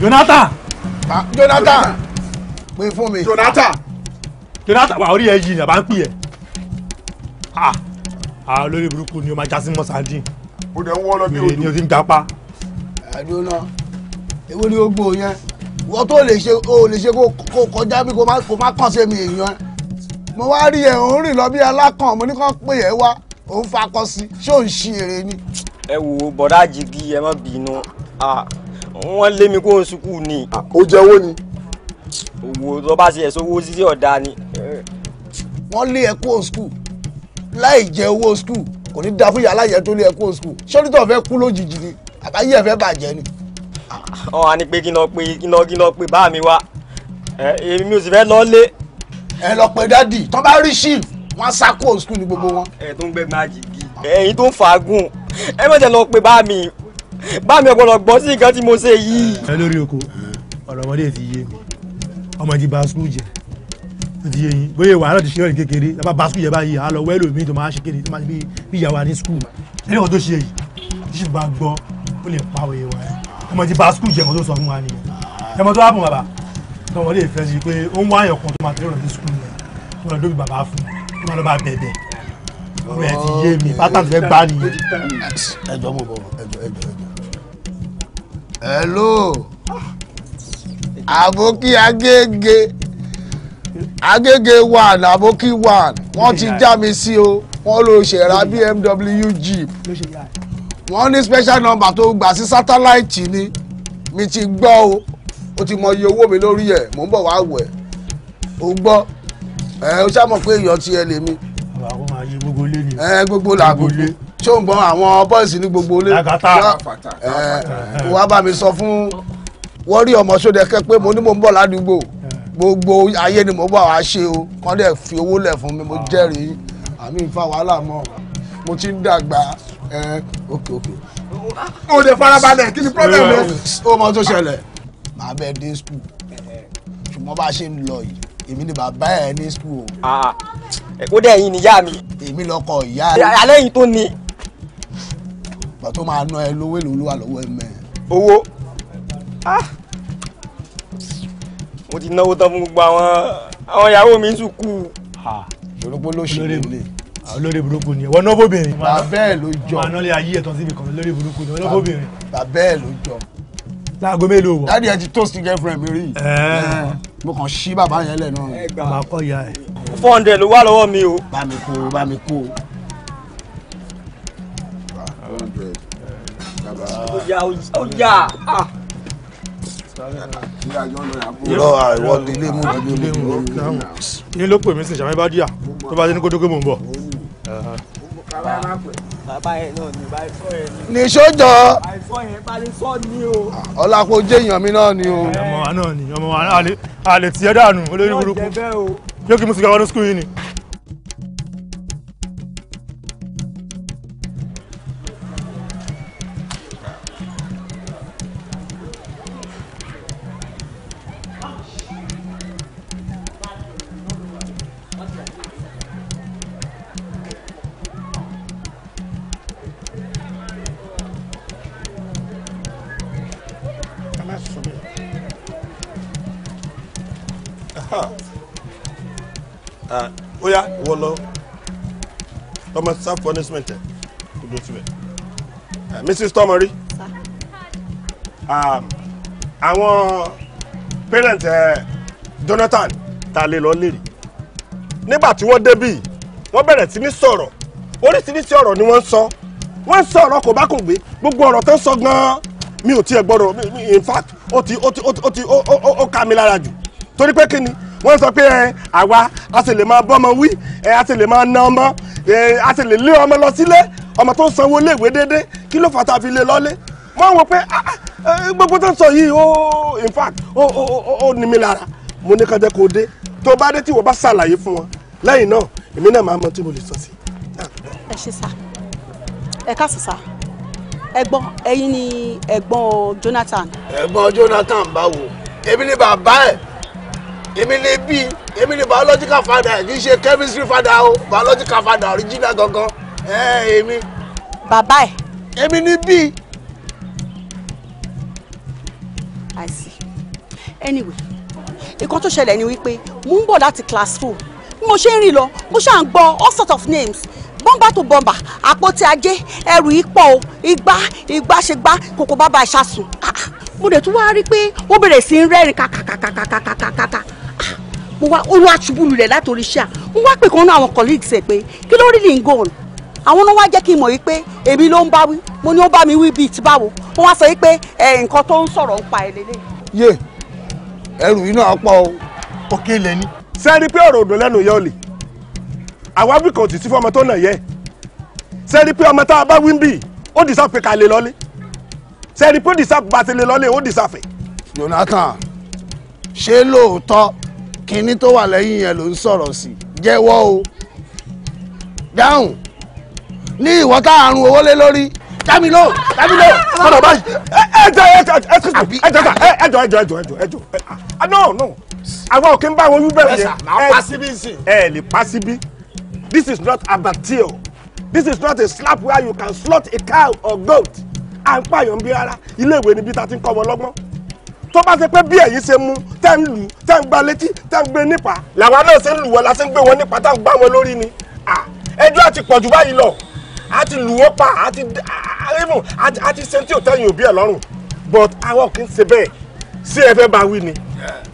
Jonathan. Ah, Jonathan pé fún mi. Jonathan. Jonathan wà orí ẹ yìí ni àbá ń pè ẹ. a lórí burúkú ni o máa jásí mọ́ sardine. o dẹ̀ ń wọ́ lọ bí odò. ni o ti ń dapá. àdúrà èwo ni ó gbó yẹn wọ́n tó lè ṣe o lè ṣe kó kọjá bí kò má kàn sí mi èèyàn mo wá rí ẹ̀ òun rìn lọ bí alákàn mo ní kàn pé ẹ̀ wá òun fakọ sí ṣé òun ṣe èrè ni. ẹ wo bọ̀dá jìgì ẹ má bínú wọ́n lé mi kó n sukù ni. ó jẹ́ owó ni. owó tó bá ṣe ẹ̀sọ́ owó sísè ọ̀dà ni. wọ́n lé ẹ kó sukù láì jẹ owó sukù kò ní da fún yàrá yẹn tó lé ẹ kó sukù sọ́dítọ̀ fẹ́ kú lójijì ni àbáyé ẹ̀ fẹ́ bàjẹ́ ni. ọ̀ á pé kí n lọ pé kí n lọ kí n lọ pé bá mi wá èmi ò sì fẹ́ lọ lé. ẹ lọ pé dádì tó bá rí ṣì wọn sá kó sukù ni gbogbo wọn. ẹ tó ń gbẹgbẹ àjèjì ẹyin bá mi ọ̀pọ̀lọ̀ sí nǹkan tí mo ṣe yìí. ẹ lórí oko ọ̀rọ̀ ti yé mi ọmọ ti ba jẹ tó ti yé yín bóyá wàhálà ti ṣe ọ̀rẹ́ kékeré lábà ba jẹ báyìí àá wẹ́lò mi tó máa ṣe kéde tó máa bí ìyá wa ní sukùl ẹni kan tó ṣe yìí tí sì bá gbọ́ ó lè pa òye wa ẹ ọmọ ti ba jẹ kan tó sọ fún wa nìyẹn ẹ mọ tó wà fún bàbá tọmọdé ìfẹ́ sí ti yé mi pátá ti fẹ́ gbá nìyẹn. ẹjọ́ mo bọ̀ ẹjọ́ ẹjọ́ ẹjọ́ hello aboki agége agége one aboki one wọ́n ti já mi sí o wọ́n lọ ṣẹ̀ra bmw jeep wọ́n ní special number tó gbà sí sátáláìtì ni mi ti gbọ́ o o ti mọ iye owó mi lórí ẹ̀ mò ń bọ̀ wá wẹ̀ o gbọ́ ẹ o ṣá mọ̀ pé èèyàn ti ẹ lèmi. àwọn àyè gbogbo lé ni. ẹ gbogbo làgbogbo ṣó ń gbọ́n àwọn bọ́ìsì ní gbogbo ilé wàá bá mi sọ fún wọ́n rí ọmọ Ṣódẹkẹ́ pé mo ní mò ń bọ̀ ládùúgbò gbogbo ayé ni mo bá wàá ṣe o kàn dẹ̀ fi owó lẹ̀ fún mi mo ah. jẹ́rìí àmì ìfa wàhálà mọ́ mo ti ń dàgbà òkè òkè. o lè farabalẹ̀ kí ni problem rẹ. ó mọ tó ṣẹlẹ̀ màá bẹ dé school ṣùgbọ́n bá a ṣe ń lọ yìí èmi ni bàbá ẹ ní school o. Ah, ó dẹ̀ yín ni ìyá mi. èmi lọ́kọ ìyá rẹ. alẹ́ yìí tó ni gbà tó máa ná ẹ lówó èlò ló wà lọ́wọ́ ẹ mẹ́. owó ah! mo ti náwó tán fún gbogbo àwọn àwọn ìyàwó mi tún kú. lórúkọ ló ṣe lè. Ah, olórí burúkú ni wọn náà bóbìnrin. bàbá ẹ ló jọ. màá nọlé ayé ẹ̀ tán síbi kan lórí burúkú ni wọn náà bóbìnrin. bàbá ẹ ló jọ. láago mélòó wọ. dáàdi ẹ ti toast girlfriend mi rí. mo kàn ṣí bàbá yẹn lẹ̀ náà. ẹ gbà four hundred ló wà lọ́wọ́ mi o. bá mi kó bá mi kó. ọjà ọjà. irọ́ àìwọ́ di ilé mú di ilé mú. ní ló pè mí sí ìṣàmì bàdíà tó bá ti ní kó dókè mò ń bọ̀. ní sójọ ọlápọ̀jẹ́ èèyàn mi náà ni o. ọmọ wa náà ni ọmọ wa àlè tiẹ̀ dànù olórí burúkú yóò kí mo sì gbà wọnú skul yìí ni. serve punishment ẹ kò dúró síbẹ̀. Mrs. Tomori um, àwọn parent ẹ Jonathan ta lè lọ lérí nígbà tí wọ́n débì wọ́n bẹ̀rẹ̀ sí ní sọ̀rọ̀ oríṣiríṣi ọ̀rọ̀ ni wọ́n ń sọ wọ́n ń sọ ọ̀rọ̀ kò bá kò gbé gbogbo ọ̀rọ̀ tó ń sọ gan-an mi ò tiẹ̀ gbọ́dọ̀ in fact ó ti ó ti ó ti ó ká mi lára jù torí pé kí ni wọ́n sọ pé ẹ àwa a sì lè máa bọ́mọ wí ẹ a sì lè máa na ọmọ a sì lè lé ọmọ lọ sílé ọmọ tó sanwó léèwé déédéé kí ló fà tá a fi lé lọ́lé pé ah, ah, gbogbo tó ń sọ yìí ó in fact ó ní mi lára mo ní kájẹ́ kó dé tó bá dé tí wọ́n bá ṣàlàyé fún wọn lẹ́yìn náà èmi náà máa mọ tí mo lè sọ sí. ẹ ṣe sá ẹ ká sùn sá ẹ̀gbọ́n ẹ̀yin ni ẹ̀gbọ́n Jonathan. ẹ̀gbọ́n Jonathan báwo ebi ni bàbá ẹ èmi lè bí èmi lè biological father kì í ṣe chemistry father o biological father original gangan èmi. bàbá ẹ. èmi ni bí. I see anyway nǹkan tó ṣẹlẹ̀ ni wípé mò ń bọ̀ láti class four bí mo ṣe ń rìn lọ mo ṣáà ń gbọ́ all sorts of names bọ́mbà tó bọ́mbà àpótí ajé ẹrù ipò igba igba ṣe gbá kòkó bàbá ìṣàsùn ah, mo dẹ̀ tún wá rí i pé ó bẹ̀rẹ̀ sí í rẹ́rìn kàkàkàkàkàkàkàkà mo wá ó wá ṣubú lulẹ̀ látòrí ṣáà mo wá pè kan náà àwọn colleagues ẹ̀ pé kí ló rí lè ń gòl àwọn náà wá jẹ́ kí n mọ̀ wípé èmi ló ń bá wí mo ní ó bá mi wí bíi ti báwo wọ́n wá sọ wípé ẹ nǹkan tó ń sọ̀rọ̀ ń pa ẹ lélẹ̀. yé ẹrù yìí náà pọ̀ òkè ilẹ̀ ni. sẹ́ẹ̀rí pé ọ̀rọ̀ òdò lẹ́nu yẹ olè àwa wí kan ò sì sí fún tó nà yẹ sẹ́ẹ̀rí pé ọmọ tá a bá wí ń bì ó dì sáfẹ́ kalẹ̀ lọ́lé sẹ́ẹ̀rí pé ó dì sáfẹ́ bá ti lè lọ́lé ó dì sáfẹ́. Jonathan ṣé lóòótọ́ kínní tó wà lẹ́yìn yẹn ló ń sọ̀rọ̀ sí jẹ́wọ́ o dáhùn ní ìwọ tá à ń run owó lé lórí dámiló dámiló sọ̀rọ̀ báyìí ẹjọ ẹjọ ẹjọ ẹjọ ẹjọ ẹjọ ẹjọ ẹjọ ẹjọ ah, no no àwọn òkè ń bá wọn wí bẹ́ẹ̀ yẹn ẹ ẹ lè pa síbí this is not abattoir this is not a slap where you can slot a cow or goat à ń pààyàn bí rárá ilé ìwé níbi tá a ti ń kọ́ wọn lọ́gbọ́n tó bá ṣe pé bí ẹ̀yin ṣe mú tẹ́ ń lù tẹ́ ń gba létí tẹ́ ń gbé nípa làwa náà ṣe ń lù wọn la ṣe ń gbé wọn nípa tá ń gbá wọn lórí ni ẹjọ́ àti pọ̀jù báyìí lọ a ti lù wọ́n pa a ti ṣe tí ò tẹ́yìn òbí ẹ̀ lọ́rùn but àwọn kì í ṣe bẹ́ẹ̀ sí ẹ fẹ́ bá wí ni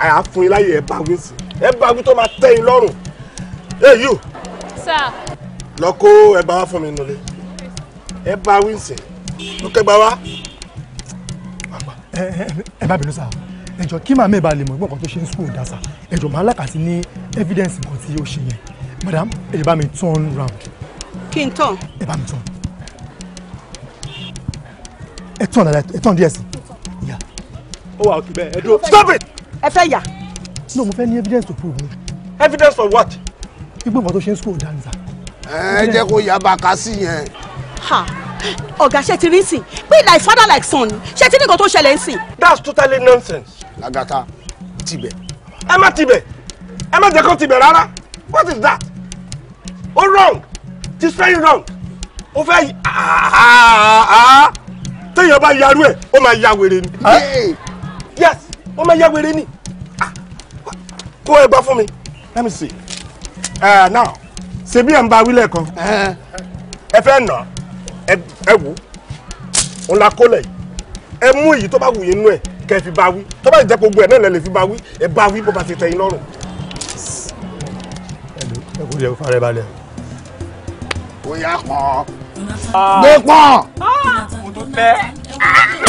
àyà fún yín láyè ẹ bá wí sí ẹ bá wí tó máa tẹ́ yín lọ́rùn èyí o. sà. lọ kó ẹ bá wá fún mi nulẹ̀ ẹ bá wí sí lókè bá wá ẹ bá bínú sá ẹ jọ kí màmá ẹ bá lè mọ ìgbọ́n kan tó ṣe ní school dasa ẹ jọ màá làkàtí ní evidence nǹkan tí ó ṣe yẹn madam ẹ bá mi turn round. kí n tàn. ẹ bá mi tàn. ẹ tàn dada ẹ tàn díẹ̀ sí. ó wà òkè bẹ́ẹ̀ ẹ dúró. stop it. ẹ fẹ́ yà. no mo fẹ́ ní evidence to prove mi. evidence for what. ìgbọ́n kan tó ṣe ní school danza. ẹ jẹ́ kó yaba kásì yẹn. ha ọ̀gá ṣe ti rí sìn pé like father like son ni ṣe ti ní nǹkan tó ṣẹlẹ̀ ń sìn. that's totally nonsense. lagata tibẹ. ẹ má tibẹ ẹ má jẹ́ kó tibẹ rárá what is that ó wrong this very wrong ó fẹ́ ah, ah, ah, téèyàn bá yarú ẹ̀ ó máa ya wèrè ni yes ó máa ya wèrè ni kó ẹ bá fún mi let me see uh, now ṣebí ẹ̀ ń ba wílẹ̀ kan eh. ẹ fẹ́ nà á ẹ wò òun la kólẹ̀ yìí ẹ mú èyí tó bá wù yín nú ẹ kẹ́ fi bá wí tó bá jẹ́ gbogbo ẹ̀ náà lẹ lè fi bá wí ẹ bá wí bó bá ti tẹ́ yín lọ́rùn. ẹ kò jẹ́ fara balẹ̀. ó yà pọ̀. Ah. Ah. gbé pọ̀. mo tó fẹ́.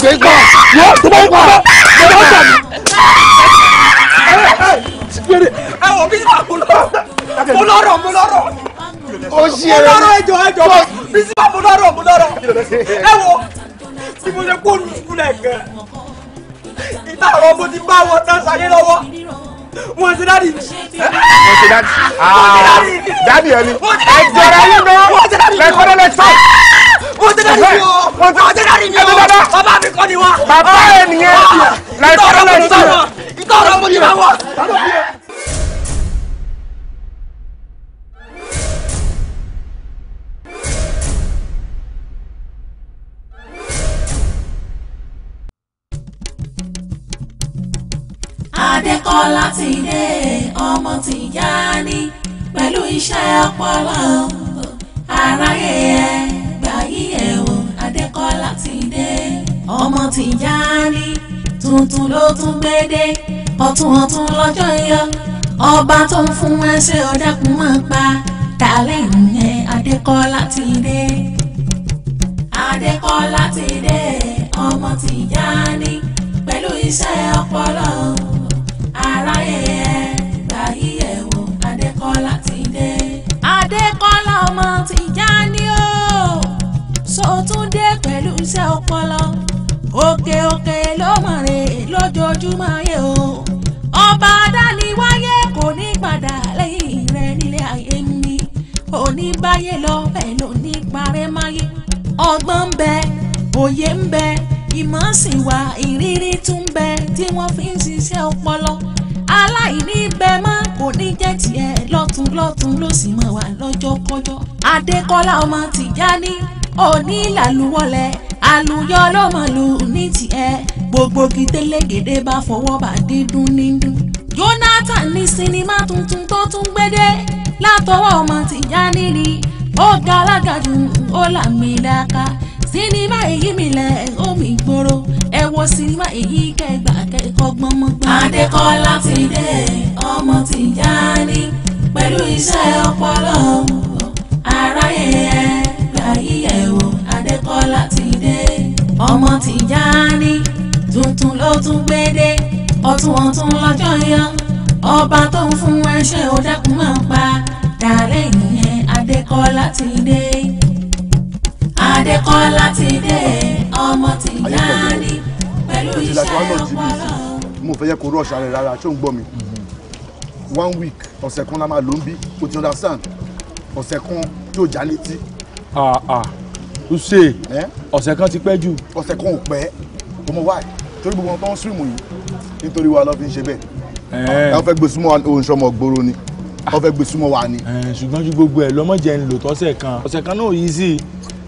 gbé pọ̀ yóò tó bá yín pọ̀ bẹ́ẹ̀ ló tà mí. ẹ wọ bí mo lọ́rọ̀ mo lọ́rọ̀ mo lọ́rọ̀. ó ṣe é mo lọ́rọ̀ ẹjọ́ ẹjọ́ bísí bá mo lọ́rọ̀ mo ẹ wo tí mo ṣe kó olú sùkúlẹ̀ gan ìta ọ̀rọ̀ mo ti bá wọn tán sáyé lọ́wọ́ wọn ti dáàdi mi. wọn ti dáàdi dáàdi ẹni ẹ jọra yín náà lẹkọọdọ lẹkọọ. wọn ti dáàdi ah, mi o wọn ti dáàdi mi o bàbá mi kọ́ ni wa. bàbá ẹ nìyẹn lẹkọọdọ ah, lẹkọọ. ìtọ̀rọ̀ mo ti bá wọn. Kọ́lá ti dé ọmọ Tìjání pẹ̀lú iṣẹ́ ọpọlọ aráyé ẹ gbà yí ẹ o Adékọ́lá ti dé ọmọ Tìjání tuntun ló tún gbédé ọ̀tún ọ̀tún lọ́jọ́ yọ ọba tó ń fún ẹ ṣe ọ̀dẹ́kun máa ń pa tàlẹ́ ìyẹn Adékọ́lá ti dé Adékọ́lá ti dé ọmọ Tìjání pẹ̀lú iṣẹ́ ọpọlọ aráyé ẹ gbà yíyẹ wò adékọ́lá ti dé. adékọ́lá ọmọ Tìjání o sọtúndé pẹ̀lú iṣẹ́ ọpọlọ òkè òkè ló mọ̀ rè lójoojúmọ́ ayé o ọba adániwáyé kò ní padà lẹ́yìn rẹ nílé ayé mi oníbáyé lọ bẹ́ẹ̀ ló ní parẹ́ máyé ọgbọ́n ń bẹ òye ń bẹ ìmọ̀ sì wà ìrírí tún bẹ tí wọ́n fi ń ṣiṣẹ́ ọpọlọ aláìní bẹ mọ́ kò ní jẹ́ tiẹ̀ lọ́tún lọ́tún ló sì mọ̀ wá lọ́jọ́kọ́jọ́ adékọ́lá ọmọ tìjání òní làlúwọ́lẹ̀ àlùyọ lọ́mọlù ní tiẹ̀ gbogbo kìtẹ́lẹ́gẹ̀dẹ́ bá fọwọ́ bá dídún nídún. Jonathan ní sinimá tuntun tó tún gbédé látọwọ́ ọmọ tìjání ni ó ga alágàjù ó làmì dáká sinimá èyí mi lẹ̀ ó mi gbòòrò ẹ wo sinimá èyí kẹgbà Adékọ́lá ti dé ọmọ Tìjání pẹ̀lú iṣẹ́ ọpọlọ aráyé ẹ gbà yíyẹ̀ wò Adékọ́lá ti dé ọmọ Tìjání tuntun ló tún gbé dé ọtún ọtún lọ́jọ́ yọ ọba tó ń fún ẹṣẹ́ ọ̀dẹ́kùn máa ń pa dàlẹ́ ìyẹn Adékọ́lá ti dé Adékọ́lá ti dé ọmọ Tìjání twenty like one month bíi sí mo fẹ́ yẹ kó rush ara rárá ṣó ń gbọ́ mi mm-hmm. one week ọ̀sẹ̀ kan la máa lò ń bí o ti understand ọ̀sẹ̀ kan yóò já létí. ṣe ah, ah. ọ̀sẹ̀ kan ti pẹ́ jù. ọ̀sẹ̀ kan ò pẹ́ o mọ wáyé torí gbogbo wọn tó ń swim yìí nítorí wa lọ fi ń ṣe bẹ́ẹ̀ ẹ fẹ́ gbé súnmọ́ oṣùmọ̀ gbòòrò ni ah. wọ́n fẹ́ gbé súnmọ́ wa ni. ṣùgbọ́n ju gbogbo ẹ̀ lọ́mọ jẹ́ ń lò tọ́sẹ̀ kan ọ̀sẹ̀ kan náà yìí sí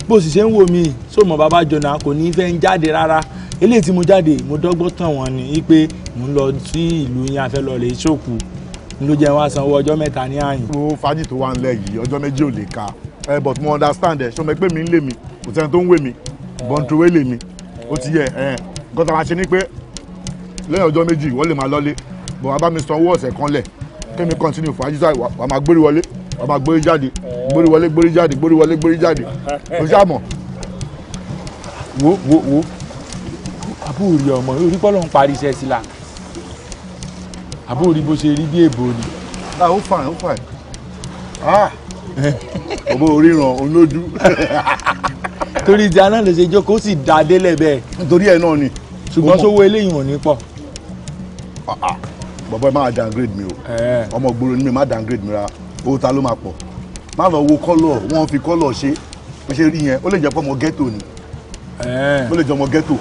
bó sì ṣe ń wò mí sóòmọ̀ bàbá jọ̀nà kò ní fẹ́ ń jáde rárá eléyìí tí mo jáde mo dọ́gbọ́n tàn wọ́n ni pé mo ń lọ sí ìlú yín afẹ́ lọ rèé ṣòkù ló jẹ́ wá sanwó ọjọ́ mẹ́ta ní àyìn. o fàájì tó wà nílẹ̀ yìí ọjọ́ méjì ò lè ka eh, but mo understand ẹ ṣọmọ ẹgbẹ́ mi ń lè mi kò sẹ́ni tó ń wè mí bọ́ntúwé lè mi ó ti yẹ ẹ eh, nǹkan tá a máa ṣe ni pé lẹ́yìn ọjọ́ méjì wọ́n lè máa lọ́lé bọ̀ wọ́n bá mi sanwó ọ̀sẹ̀ kan lẹ̀ kémi continue fàájì sáà wà máa gbórí wọlé wà máa gbórí jáde gbórí wọlé gbórí jáde gbórí wọlé gbórí jáde ó ṣàmọ̀ wo wo wo àbúrò ọmọ orí pọ́lọ́ ń parí iṣẹ́ sí la àbúrò bó ṣe rí bí èbó ni. Ah, ó fàìn ó fàìn ah! ọmọ oríran olójú. torí ìjà náà lè ṣe jókòó ó sì dá a délẹ̀ bẹ́ẹ̀. nítorí ẹ̀ náà ni. ṣùgbọ́n sówó eléyìí ò ní pọ̀. Ah, bàbá ẹ máa downgrade mi o eh. ọmọ gbòòrò ni mi máa downgrade mi ra owó ta ló máa pọ̀ má lọ wo kọ́lọ̀ wọ́n fi kọ́lọ̀ ṣe bó ṣe rí yẹn ó lè jẹ́ pé ọmọ ghetto ni eh. ó lè jẹ́ ọmọ ghetto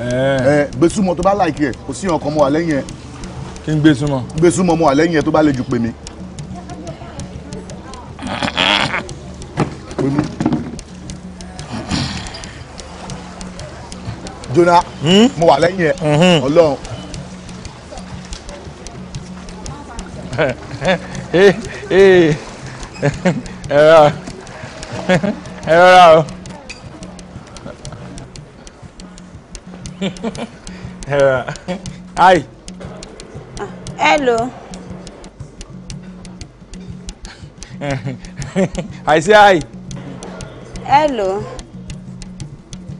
ẹ eh. eh, gbésùmọ̀ tó bá láìkí ẹ̀ kò sí ọkàn mọ́ wà lẹ́yìn ẹ̀. kí n gbésùmọ̀. gbésùmọ̀ mọ́ wà lẹ́yìn ẹ̀ tó bá lè jù pè mí. jona hmm? mo wà lẹ́yìn ẹ̀ hmm. ọlọ́run. Eh, ẹ rọra o. hi. Ah, hello. I say hi. hello.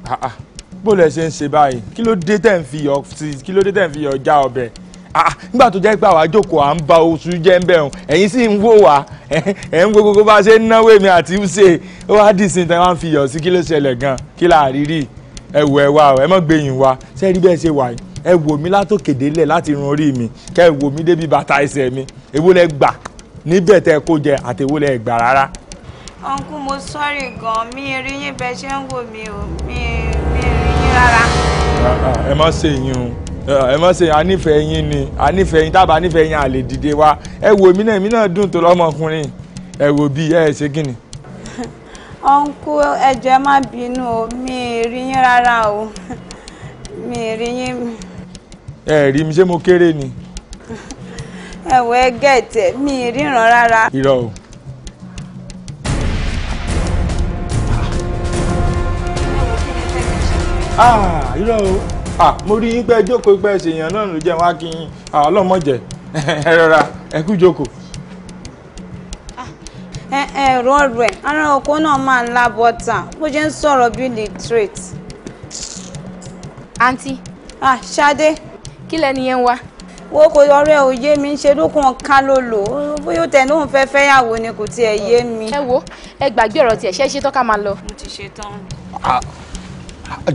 Ah, ah. bó lẹ ṣe ń ṣe báyìí kí ló dé tẹ̀ ń fi yọ kí ló dé tẹ̀ ń fi yọ já ọbẹ̀ nígbà tó jẹ́ pé àwa jókòó à ń ba oṣù jẹ́ ń bẹ̀rùn ẹ̀yin sì e wò wá ẹ̀ ń gbogbo bá ṣe ń o èmi àti ṣe ó wá dì sí tán wá ń fi gan kí là ẹ wò ẹ wá ẹ má gbẹ̀yìn wa ṣé rí bẹ́ẹ̀ ṣe wà yìí ẹ wò mí látòkèdélẹ̀ láti irun orí mi kẹ́ ẹ wò mí débi bàtà ẹsẹ̀ mi èwo lẹ gbà níbẹ̀ tẹ́ kó jẹ àtẹ̀wò lẹ gbà rárá. ọ̀nkú mo sọ́ọ̀rì gan-an mi rí yín bẹ́ẹ̀ ṣe ń wò mí o mi rí yín rárá. ẹ má ṣe yín o ẹ má ṣe anífẹ̀ẹ́ yín ni anífẹ̀ẹ́ yín tábà anífẹ̀ẹ́ yín àlè dìde wa ẹ wò mí náà èmi náà dùn tó lọ́mọkùnrin ẹ wò bí ẹ ṣe kíni ọ̀nkú ẹ̀jọ̀ ẹ má bínú o mi ì rí yín rárá o mi ì rí yín. ẹ rí mi ṣé mo kéré ni. ẹ̀wọ̀ ẹ gẹ̀ẹ́tẹ̀ mi ì ríran rárá. irọ́ o. ah irọ́ o ah mo rí yín pé jókòó pé ṣèyàn náà ló jẹ́ wá kí n ah, ọlọ́mọ jẹ ẹ rọra ẹ kú jókòó. ẹ ẹ rọrọ ẹ ara oko náà máa ń la bọ́tà bó ṣe ń sọ̀rọ̀ bí literate. àǹtí. ah ṣadé. kí lẹni yẹn wá. wo kò ọ̀rẹ́ ò yé mi ń ṣe lókun ọ̀ká ló lò bóyá ó tẹ̀ lóun fẹ́ fẹ́yàwó ni kò tiẹ̀ yé mi. ẹ wo ẹ gbàgbé ọ̀rọ̀ tiẹ̀ ṣe é ṣe tán ká máa lọ. mo ti ṣe tán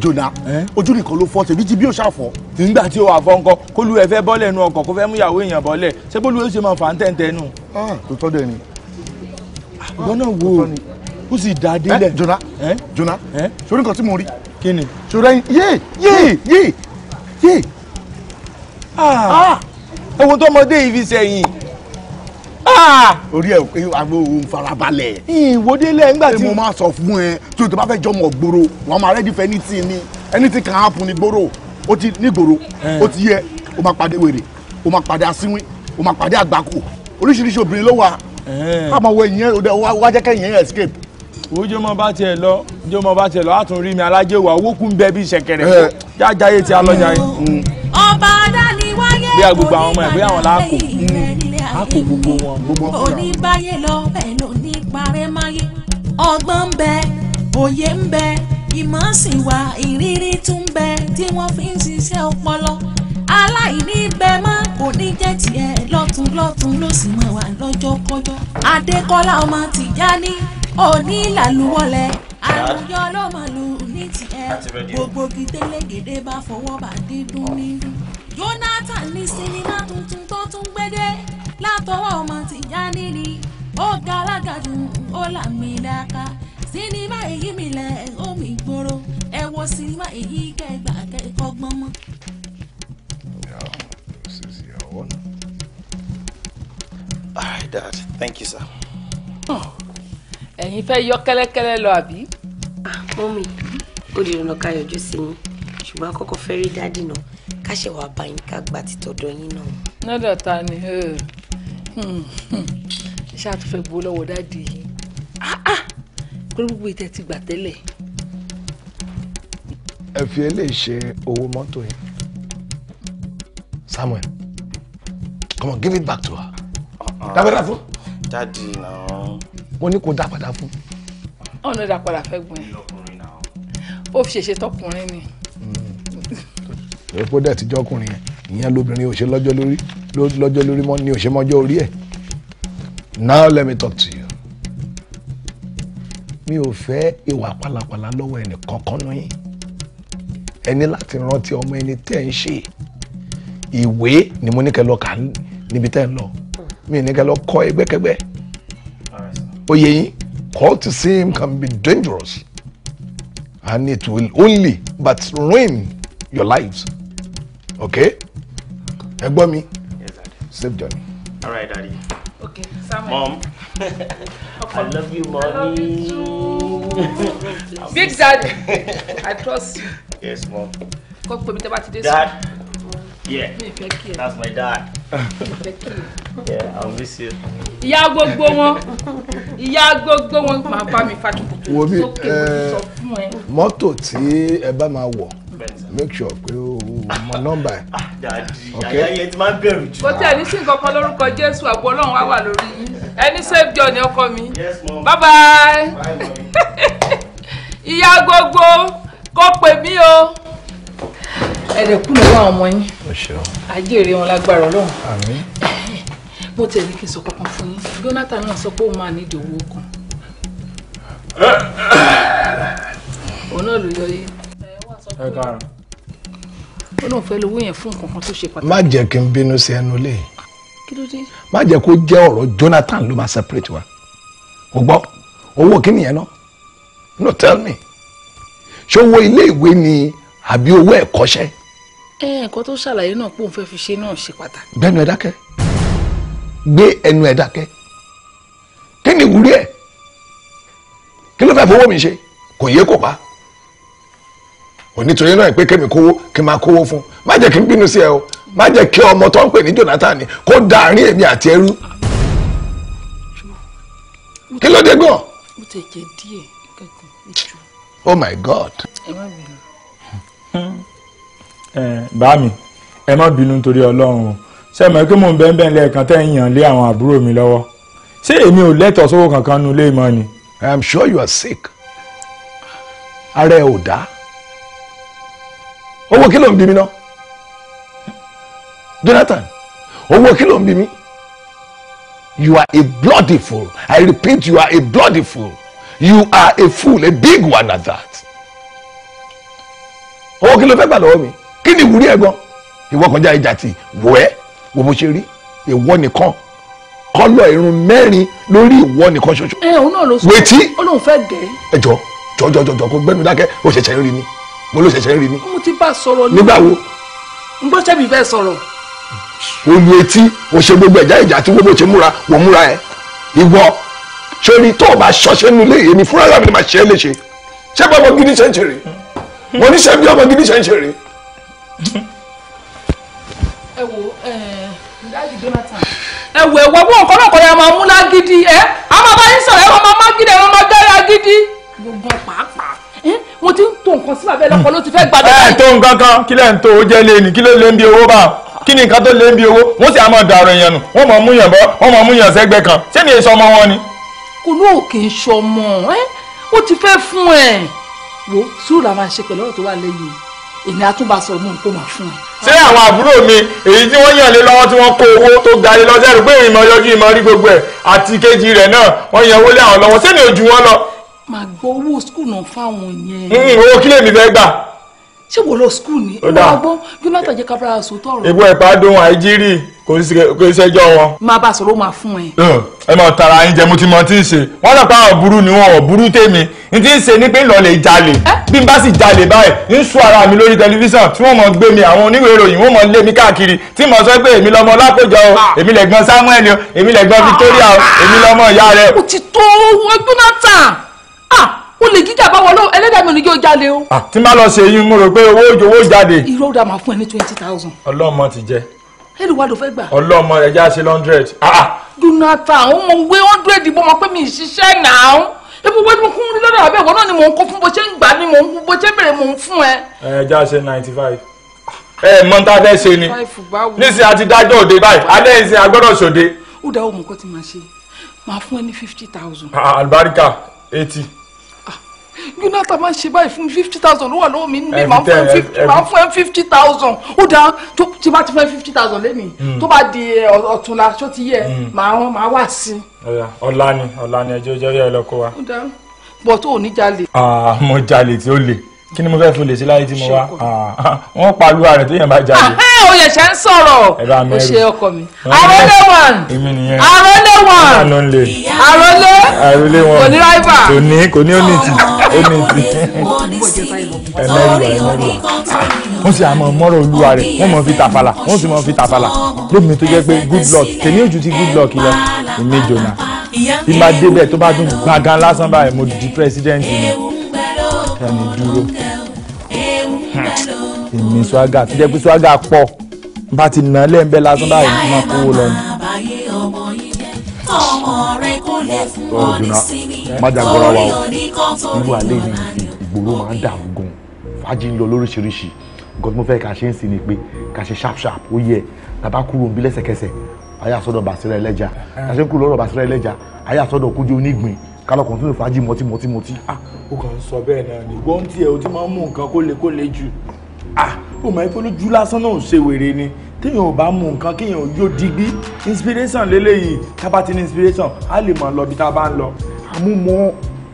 jona ojú nìkan ló fọ́ tèmi jí bí ó ṣàfọ́. nígbà tí ó wà fọ́nkọ́ kó lu ẹ̀fẹ́ bọ́lẹ̀ nu ọkọ̀ kó fẹ́ mú ìyàwó èèyàn bọ́lẹ̀ ṣé bólú ó ṣe máa fà ń tẹ̀ǹtẹ̀ nù. tó ah, tọ́ dẹ̀ ni ìwọ náà wo ó sì dá eh, dé lẹ. jona eh? jona eh? sori nǹkan tí mo rí. kí ni. sori ẹyin yé yé yé yé. ewu tó ọmọdé yìí fi ah! sẹ́yìn orí ẹ àgbo òun farabalẹ̀. ìwọ́dé lẹ̀ ńgbà tí. mo máa sọ fún ẹ tó tó bá fẹ́ jọmọ gbòòrò wọn máa rẹ́dí fẹ́ ní tí ni ẹni tí kàn án fún ni gbòòrò ó ti ní gbòòrò ó ti yẹ ó máa pàdé wèrè ó máa pàdé asínwín ó máa pàdé àgbákò oríṣiríṣi obìnrin ló wà Eh. káàmọ̀ wo ìyẹn wá jẹ́ kẹ́yìn yẹn escape. wo jẹ́ ọmọ bá tiẹ̀ lọ jẹ́ ọmọ bá lọ tún rí mi wa owó kún bẹ́ẹ̀ bí ṣẹ̀kẹ̀rẹ̀ eh. jájá yé ti alọ yín. Mm. ọba dání wáyé bí agbègbè àwọn ọmọ ẹ̀ mm. gbogbo wọn gbogbo máyé ọgbọ́n ń bẹ òye ń bẹ ìmọ̀ fi ń ọpọlọ aláìní gbẹ mọ́ kò ní jẹ́ tiẹ̀ lọ́tún lọ́tún ló sì mọ̀ wá lọ́jọ́ kọjọ́ adékọ́lá ọmọ tìjání òní làlúwọ́lẹ̀ àlùyọ lọ́mọlù ní tiẹ̀ gbogbo kìtẹ́lẹ́gẹ̀dẹ́ bá fọwọ́ bá dídún nídùn Jonathan ní sinimá tuntun tó tún gbédé látọwọ́ ọmọ tìjání ni ó ga alágàjù ó làmì dáká sinimá èyí mi lẹ̀ omi ìgboro ẹ wo sinimá èyí kẹgbà kẹkọgbọ́n mọ́ ìrànlọ́wọ́ náà. dad thank you sir. ẹ̀yin fẹ́ yọ kẹ́lẹ́kẹ́lẹ́ lọ àbí. Ah, mọ́mí Mommy, di dandan ká yọjú Just yín ṣùgbọ́n àkọ́kọ́ fẹ́ rí dáàdì náà ká ṣe wàá bá yín ká gba títọ́dọ̀ yín náà. lọ́dọ̀ ta ni hmm, hmm. ṣáà tó fẹ́ gbowó lọ́wọ́ dáàdì yìí ah, ah. pé gbogbo ìtẹ́ ti gbà tẹ́lẹ̀. ẹ fi eléyìí ṣe owó mọ́tò Samuel. Come on, give it back to her. Uh-uh. Dábàdà fún. Daddy náà. Mo ní kó dá padà fún. Ọ̀nà dá padà fẹ́ gbọ́n ẹ̀. Ó fi ṣèṣe tọkùnrin ni. Èpo mm. dẹ̀ ti jọkùnrin yẹn. Ìyẹn lóbìnrin ò ṣe lọ́jọ́ lórí lọ́jọ́ lórí mọ́ ni ò ṣe mọ́jọ́ orí ẹ̀. Now let me talk to you. Mi ò fẹ́ ìwà pálapàla lọ́wọ́ ẹnì kankan náà yín. Ẹ ní láti rántí ọmọ ẹni tẹ́ ń ṣe ìwé ni mo ní kẹ́ lọ kà níbi tẹ́ ń lọ mi ní kẹ́ lọ kọ́ ẹgbẹ́kẹ́gbẹ́ call to see him can be dangerous and it will only but ruin your lives okay ẹ gbọ́ mi yes, daddy. safe journey. all right daddy. okay samuel. mom i love you mommy. i love you too. big daddy i trust you. yes mom. kọ́ pé mi tẹ́ dad. Yeah, that's my dad. yeah, I'll miss you. Ìyá gbogbo wọn, ìyá gbogbo wọn máa bá mi fa kìkìkì sókè eh, sọ fún ẹ. Mọ́tò tí ẹ bá máa wọ̀, make sure pé o mọ nọ́mbà ẹ̀. Dàdí, àyà yẹn ti máa ń bẹ̀rù jù. Mo tẹ̀ ní sí nǹkan kan lórúkọ Jésù àbú Ọlọ́run wá wà lórí Ẹni save John ọkọ mi. Bye bye. Ìyá gbogbo kó pè mí o ẹ̀rẹ̀ kú lọ́wọ́ àwọn ọmọ yín àjèrè wọn lágbára ọlọ́run mo tẹ̀ ní kí n sọ kankan fún yín Jonathan náà sọ pé òun máa nídìí owó kan òun náà ló yọ yé ẹ káàárọ̀ ó náà fẹ́ lówó yẹn fún nǹkan kan tó ṣe pàtàkì. má jẹ́ kí n bínú sí ẹnu lé má jẹ́ kó jẹ́ ọ̀rọ̀ Jonathan ló máa separate wa o gbọ́ owó kíni yẹn náà no tell me ṣé owó ilé ìwé ni àbí owó ẹ̀kọ́ṣẹ́ ẹ nǹkan tó ṣàlàyé náà pòun fẹ́ fi ṣe náà ṣe pàtàkì. gbẹnu ẹ dákẹ́ gbé ẹnu ẹ dákẹ́ kí ni ìwúrí ẹ kí ló fẹ́ fowó mi ṣe kò yé kò bá ò nítorí náà pé kémi kówó kí n máa kówó fún má jẹ́ kí n bínú sí ẹ o má jẹ́ kí ọmọ tó ń pè ní Jonathan kó da àárín èmi àti ẹrú kí ló dé gan. ó ti oh my god. bá mi ẹ má bínú nítorí ọlọ́run o ṣe mọ̀ kí mò ń bẹ́ẹ̀ bẹ́ẹ̀ lẹ́ẹ̀kan tẹ́ ń yàn lé àwọn àbúrò mi lọ́wọ́ ṣé èmi ò lẹ́tọ̀ọ́ sówó kankan nu ilé ìmọ̀ ni. I am sure you are sick ara ẹ ò dá owó kí ló ń bí mi náà Jonathan owó kí ló ń bí mi you are a bloody fool I repeat you are a bloody fool you are a fool a big one at that owó kí ló fẹ́ gbà lọ́wọ́ mi kí ni ìwúrí ẹ gan ìwọ kọjá ìjà tì wọ ẹ wo bó ṣe rí ìwọ nìkan kọlọ irun mẹ́rin lórí ìwọ nìkan ṣoṣo. ẹ òun náà ló sọ wetí olóhùn fẹ́ kó gbẹnu dákẹ́ ó ṣẹ̀ṣẹ̀ ń rí ni mo ló ṣẹ̀ṣẹ̀ ń rí ni. mo ti bá a sọ̀rọ̀ ni. nígbà wo. n gbọ́ sẹ́mi fẹ́ sọ̀rọ̀. olú etí o ṣe gbogbo ẹ̀já ìjà tí gbogbo ṣe múra wò múra ẹ ìwọ sórí tó o bá ṣọṣẹ́ nu lé èmi fúnra mi máa ṣe é léṣe ṣé bọ́ ọmọ gidi ṣe ń ṣeré mo ní ṣe ọmọ gidi ṣe ń ṣeré. ẹ wo ẹ nǹkan náà kọ́ ni a máa mú lágídí ẹ a máa bá yín ẹ máa gidi ẹ máa gbára gidi gbogbo pàápàá ti ń to nǹkan sí ẹ ló ti fẹ́ gbàdúrà. ẹ tó nǹkan kan kí tó o jẹ́ léènì kí ló lé ń bi owó bá kí ni nǹkan tó lé ń bi owó wọ́n sì á máa dàrú nù wọ́n máa mú yàn bọ́ wọ́n máa mú kan ṣé ni èso wọn ni. kò ní ẹ èmi àtúbàsọ̀rọ̀ mọ̀ kó máa fún ẹ. ṣé àwọn àbúrò mi èyí tí wọ́n yàn lé lọ́wọ́ tí wọ́n kó owó tó ga lé lọ́jọ́ rẹ̀ pé ìmọ̀ yọjú ìmọ̀ rí gbogbo ẹ̀ àti kejì rẹ̀ náà wọ́n yan owó lé àwọn lọ́wọ́ sẹ́ni ojú wọn lọ. màá gbọ́ owó skul náà fáwọn yẹn. owó kílè fẹ́ gbà ṣé wo lọ skul ni ìwọ ọgbọ́n Jonathan jẹ́ kábàárà sòótọ́ ọ̀rọ̀. ìbú ẹ̀pá dùn àìjírí kò í ṣẹjọ́ wọn. máa bá a sọ̀rọ̀ máa fún ẹ. ẹ máa tara yín jẹ mo ti mọ tí ń ṣe wọn lọ pa àwọn burú ni wọn ò burú tèmi n ti ń ṣe ní pé ìlọlẹ̀ jalè bí n bá sì jalè báyìí ń sọ ara mi lórí tẹlifíṣàn tí wọ́n mọ̀ gbé mi àwọn oníwèé ìròyìn wọ́n mọ̀ lé mi káàkiri tí mo sọ pé èmi lọmọ lápòjọ o ah. èmi lẹ̀gbọ́n Samuel o èmi lẹ́gbọ́n Victoria o ah. èmi lọmọ ìyá rẹ. ó ti tó wọ́n Jonathan ah o lè jíjà báwọn ọlọ́run ẹlẹ́dàá mi ò ní o jáde ah, o. tí má lọ ṣe yín mo rò pé owó òjò owó jáde. irọ́ da máa fún ẹ ní twenty thousand. ọlọ́mọ ti jẹ. ẹlò wa ló fẹ́ gbà. ọlọ́mọ ẹja ṣe hundred. Jonathan ah, ah. ó mọ wé hundred bọ́ ma pé mi ì ṣiṣẹ́ náà ebi wo ni mo kún lọ́dọ̀ abẹ́ ìwọ náà ni mò ń kó fún bó ṣe ń gbà ni mò ń bó ṣe bèrè mò ń fún ẹ. ẹja ṣe ninety five ẹ mọ tá a fẹ́ ṣe ni nísìnyí àti dájọ́ òde báyìí alẹ́ ìsìn agbọ́dọ̀ ṣòde. ó dáwọ́ mọ̀ọ́kọ́ ti máa ṣe máa fún ẹ ní fifty thousand. àlùbáríkà eighty. Jonathan máa ń ṣe báyìí fún fifty thousand ó wà lọ́wọ́ mi níbi máa ń fún fifty máa ń fún fifty thousand ó dáa tó ti bá ti fún fifty thousand lẹ́nìí hmm. tó bá di ọ̀túnla tó ti yẹ hmm. màá rán màá wà sí i. ọ̀la ni ọ̀la ni ẹjọ́ jẹ́rìí ẹ lọ kó wa. ó dáa bọ̀ tó ò ní jalè. Ah, mo jalè tí ó le kí ni mo fẹ́ fún lè sí láyé tí mo wá ah, ah, wọ́n pa lúwa rẹ̀ téèyàn bá jáde. o ṣe ń sọ̀rọ̀ o ṣe ọkọ mi àròlé wọn àròlé wọn àròlé àròlé wọn kò ní ráìbà kò ní kò ní onítì onítì ẹlẹ́rìí ẹlẹ́rìí ah, wọ́n sì àmọ́ mọ́rọ̀ olúwa rẹ̀ wọ́n mọ̀ fi tàfàlà wọ́n sì mọ̀ fi tàfàlà lómi tó jẹ́ pé good luck tèmi ò ti good luck lọ èmi jona bí máa débẹ̀ tó bá dùn gbàgán lásán báyìí mo di president ni dá mi dúró hmm. èmi swaga tó jẹ́ pé swaga pọ̀ bá ti nà lẹ́ńbẹ́ lásán báyìí mo máa kówó lọ ni. ọ̀dùnà májàgbọ́ra wa o irú alẹ́ ni ìgboro máa ń dàrú gan fàájì ń lọ lóríṣiríṣi nǹkan tí mo fẹ́ ká ṣe ń sìn ni pé ká ṣe sharp sharp ó yẹ tàbá kúrò ń bí lẹ́sẹ̀kẹsẹ̀ ayé àsọdọ̀ bàṣẹ́rẹ́ ẹlẹ́ja tàṣẹ́ kúrò lọ́rọ̀ bàṣẹ́rẹ́ ẹlẹ́ja ayé àsọdọ̀ kójú onígbìn kálọ̀ kọ̀ntínú fàájì mọtí mọtí mọtí. Ah, ó kàn sọ bẹ́ẹ̀ náà ni wọ́n ti o ti máa ń mú nǹkan kólekóle jù ah, ó máa ń polójú lásán náà ń ṣe wèrè ni téèyàn ò bá mú nǹkan kéèyàn yó digbí inspiration lélẹ́yìí tábà ti ní inspiration á lè mọ̀ lọ bí tá a bá ń lọ. àmú mọ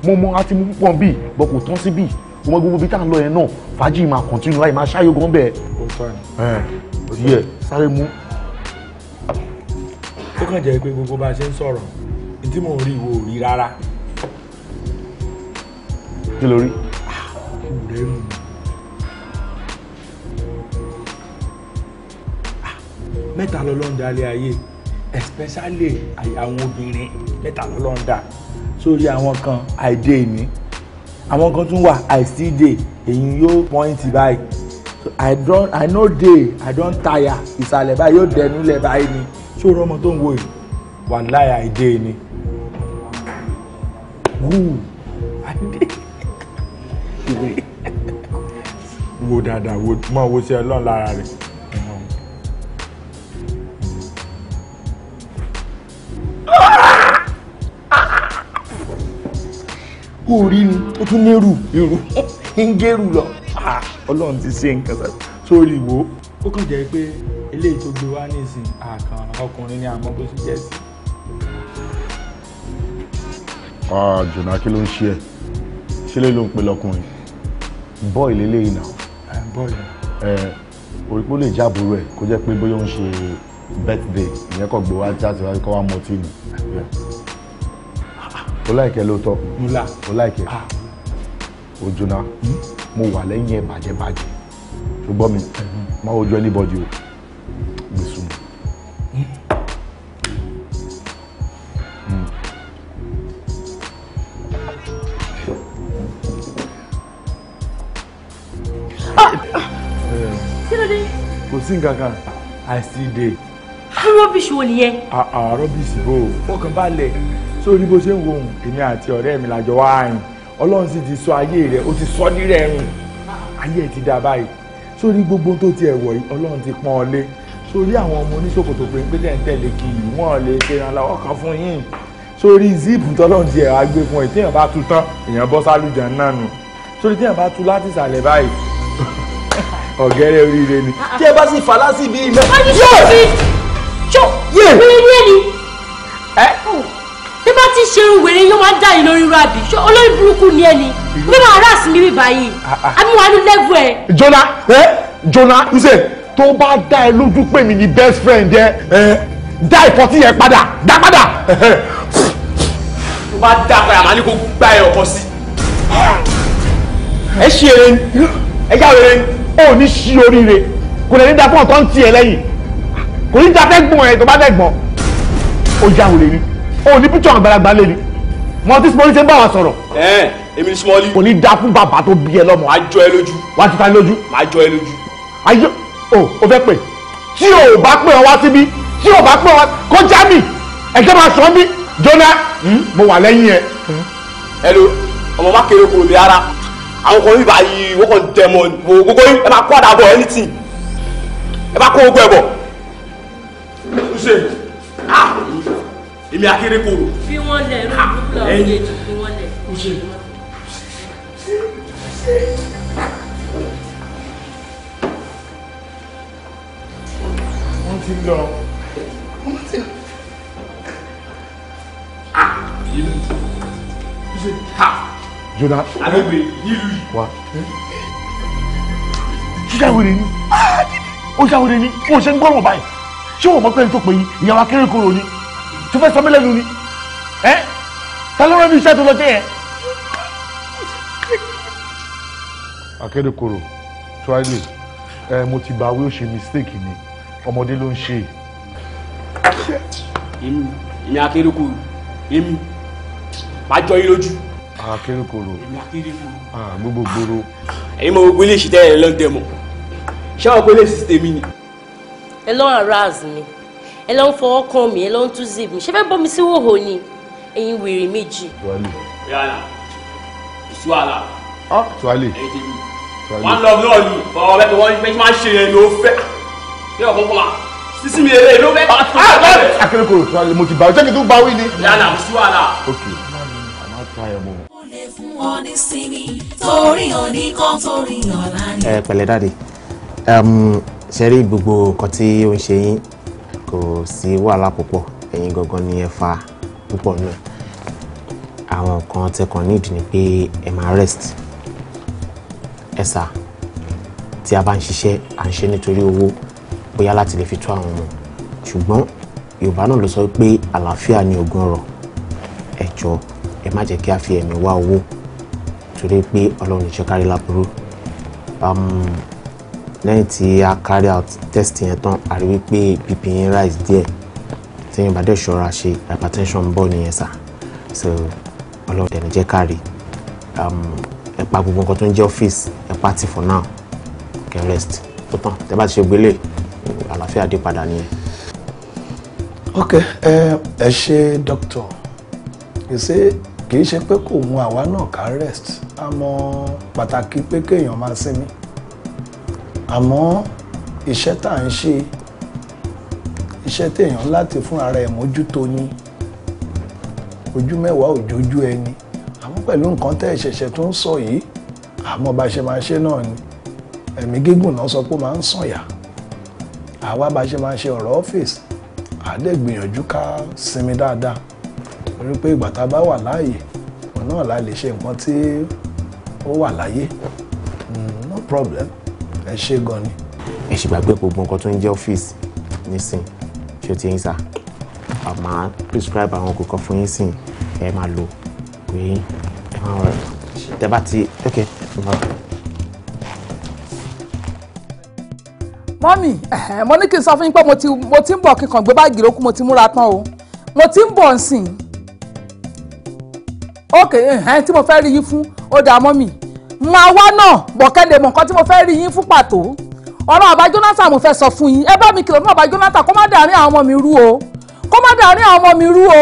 mọ mọ á ti mú púpọ̀ bíi bọ̀ kò tán sí bíi ọmọ gbogbo bíi tá a ń lọ yẹn náà fàájì máa continue láì máa ṣáyé gan bẹ́ẹ̀. ó sọ ẹ̀ díẹ̀ sáré mú. ó kàn jẹ́ pé gbogbo bá a ṣe ń sọ̀rọ̀ ní mò ń rí ìwò rí rárá kí ló rí. ọ̀rẹ́ mi mẹ́ta lọ́lọ́run dá lé ayé especially àwọn obìnrin mẹ́ta lọ́lọ́run dá sórí àwọn kan àìdè ní àwọn kan tún wà àìsí dè èyí yóò pọ́ìntì báyìí i don't. i no dey i don tire ìsàlẹ̀ báyìí yóò dẹnu lẹ̀ báyìí ni ṣòro ọmọ tó ń wo yìí wà láyà àìdè ni. Ooh, àìdè ṣeré wo dáadáa wo mọ wo ṣe ọlọ́run lára rẹ̀. orí ni ó tún nérù irú ń gérù lọ ọlọ́run ti ṣe nǹkan sórí ìwò. ó kàn jẹ́ pé eléyìí tó gbé wá ní ìsìn àkàn ọkùnrin ni àmọ́ bó ṣe jẹ́ sí. Ah, jọ̀nà kí ló ń ṣe ẹ́ ṣe lè ló ń pe lọkùnrin boy lélẹ́yìn náà. boy ẹ orí pé ó lè jáàbúrò ẹ̀ kó jẹ́ pé bóyá ó ń ṣe birthday ìyẹn kò gbé wá jáde wá kó wá mọtí ni O láìkẹ́ lóòótọ́ ó láìkẹ́ ojúná ah. hmm? mo wà lẹ́yìn ẹ̀ bàjẹ́ bàjẹ́ ṣùgbọ́n mi hmm. máa ojú anybody o. sí nǹkan kan i still dey. rubbish wo nìyẹn. àà rubbish bò ó fọkàn balẹ̀ sórí bó ṣe ń wo òun èmi àti ọ̀rẹ́ mi làjọ wá àyìn ọlọ́run sì ti sọ ayé rẹ̀ ó ti sọ nírẹ̀ rùn ayé ẹ̀ ti dá báyìí sórí gbogbo tó tiẹ̀ wọ̀ yìí ọlọ́run ti pọ́n ọ lé sórí àwọn ọmọ oníṣòkòtò péńpé tẹ̀ ń tẹ̀lé kiri wọ́n lè ṣe ìrànlọ́wọ́ kan fún yín sórí zipu tọ́lọ́run tiẹ̀ wá gbé fún ẹ̀ téèyàn bá tu tán èèyàn bọ́ sálùjá náà nù sórí téèyàn bá tu láti ìsàlẹ̀ báyìí ọ̀gẹ́rẹ́ oríire ni ah, ah. tí ẹ bá sì fà lásì bí iná. wọ́n ti ṣe fi ṣó wèrè ní ẹni. bí bá ti ṣe irun wèrè yóò máa ń dà yín lórí rabi ṣó olórí burúkú ni ẹni bí máa rà sí níbi báyìí ah, àbí wàá ní lẹ́gù ẹ̀. jona ẹ jona ṣe tó bá dá ẹ lójú pé mi ni best friend ẹ dá ìfọ̀tí yẹn padà dá padà. tó bá dá padà màá ní kó gbá ẹ ọkọ sí. ẹ ṣe eré ẹ yá eré ò ní ṣí oríire kò lè ní dapò ọ̀tọ́ ń tiẹ̀ lẹ́yìn kò ní dapẹ́ gbọ̀n ẹ̀ tó bá dẹ̀ gbọ̀n ó já wòlé ni ò ní pítsọ̀ àgbàlagbà lé ni mo ti Small ṣe ń bá wa sọ̀rọ̀. ẹ èmi ni Small. kò ní dá fún bàbá tó bí ẹ lọ́mọ. máa jọ ẹ lójú. wàá ti ta lójú. máa jọ ẹ lójú. ayé o ò fẹ́ pè tí o bá pè ọ wá síbí tí o bá pè ọ kó já mi ẹ̀jẹ̀ máa sọ mí jóná hmm, mo wà lẹ́yìn ẹ. ẹ lo ọmọ bá kéré kúrò bí ara àwọn kan bíbá yìí wọ́n kàn dẹ̀mọ̀ gbogbo yìí ẹ máa kó àdá bọ̀ anything ẹ máa kó gbogbo ẹ̀ bọ̀. ṣe èmi ah! akéré kòrò. bí wọ́n lẹ̀ ló ń dúpọ̀ ọ̀gẹ̀dì bí wọ́n lẹ̀. wọ́n ti lọ. wọ́n ti lọ. ah! ha! jona. àbẹ̀wẹ̀ nílùú yìí. wa ṣíṣe àwèrè ni ó ṣe àwèrè ni kí wọ́n ṣe ń gbọ́rọ̀ báyìí ṣé wọ́n mọ̀ pé ẹni tó pè yín ìyàwó akérè kòrò ni tó fẹ́ sọmí lẹ́nu ni ẹ́ ta ló rán ní iṣẹ́ tó lọ jẹ́ yẹn. akérè kòrò tíwáìlì ẹ mo ti bá wí ó ṣe mistake ni ọmọdé ló ń ṣe. èmi èmi akérè kòrò èmi máa jọ yín lójú akérèkòrò gbogbo gbòòrò. ẹ̀yin mọ gbogbo ilé ìṣìtẹ́ ẹ̀ lọ́dẹ mọ̀ ṣé àwọn pélé sì tèmi ni. ẹ lọ araz mi ẹ lọ ń fọwọ́ kan mi ẹ lọ ń tú zip mi ṣé fẹ́ bọ́ mi sí wòhò ni ẹ̀yin wèrè méjì. tuwali. yàrá ìṣúwàlà. ọ tuwali. ẹ̀yin tèmi wọn lọ náà ni ọ̀rọ̀ bẹ́ẹ̀ wọ́n fẹ́ máa ṣe yẹn ló fẹ́ kí ọ̀pọ̀ fún wa mi eré ló fẹ́. Ah, ah, ah, akérèkòrò tuwali mo ti bá ọ jẹ́ kí n tún bá wí ni. yàrá ìṣúwàlà. ok àmọ́ ta ẹ̀ mọ́ wọn ní sinmi torí hàn ní kan torí hàn láàyè. ẹ pẹ̀lẹ́ dáàdi um, ṣe rí gbogbo nǹkan tí ó ń ṣe yín kò sí wàhálà púpọ̀ ẹ̀yin gangan ni ẹ fa púpọ̀ náà àwọn nǹkan tẹkàn nídìí ni pé ẹ máa rest ẹ sà tí a bá ń ṣiṣẹ́ à ń ṣe nítorí owó bóyá láti lè fi tó àwọn ọmọ ṣùgbọ́n yorùbá náà ló sọ pé àlàáfíà ni oògùn ọrọ̀ ẹ jọ̀ọ́ ẹ má jẹ́ kí a fi ẹ̀mí wá owó fi rí pé ọlọ́run ìṣe kárí láburú um, lẹ́yìn tí a carry out test yẹn tán a rí wípé bp yẹn rise díẹ̀ tí yẹn bá dẹ̀ ṣọ́ra ṣe hypertension ń nìyẹn sà so ọlọ́run dẹ̀ jẹ́ kárí um, ẹ gbogbo nǹkan tó ń jẹ́ ọ́fíìsì ẹ pa for now kẹ́ rest tó tán tẹ́ bá ti ṣe gbélé àlàáfíà dé padà nìyẹn. ok ẹ ẹ ṣe doctor kì ṣe kì í ṣe pé kò mú àwa náà ká rest a mọ pàtàkì pé kéèyàn máa sinmi àmọ́ iṣẹ́ tá à ń ṣe iṣẹ́ téèyàn láti fún ara ẹ̀ mójútó ni ojú mẹ́wàá òjòjú ẹni àmọ́ pẹ̀lú nǹkan tẹ́ ìṣẹ̀ṣẹ̀ tó ń sọ yìí àmọ́ bá ṣe máa ṣe náà ni ẹ̀mí gígùn náà sọ pé ó máa ń sànyà àwa bá ṣe máa ṣe ọ̀rọ̀ ọ́fíìsì àdé gbìyànjú ká sinmi dáadáa torí pé ìgbà tá a bá wà láàyè òun náà la lè ṣe nǹkan tí ó wà láyé mm, no problem ẹ ṣe gan ni. ẹ ṣe gbàgbé gbogbo nǹkan tó ń jẹ́ ọ́fíìsì nísìn ṣé o ti ń sà a máa prescribe àwọn oògùn kan fún yín sìn ẹ máa lò pé ẹ máa rẹ tẹ bá ti ok. mọ́mì mo ní kí n sọ fún yín pé mo ti ń bọ̀ kíkan gbé báàgì lókù mo ti múra tán o mo ti ń bọ̀ nsìn okay ẹ̀hẹ́n tí mo fẹ́ rí yín fún ó dà mọ́ mi máa wá náà bọ̀kẹ́lẹ̀ mọ̀ nǹkan tí mo fẹ́ rí yín fún pàtó ọ̀rọ̀ àbá Jonathan mo fẹ́ sọ fún yín ẹ bá mi kìlọ̀ fún àbá Jonathan kó má àwọn ọmọ mi rú o kó má dàárín àwọn ọmọ mi rú o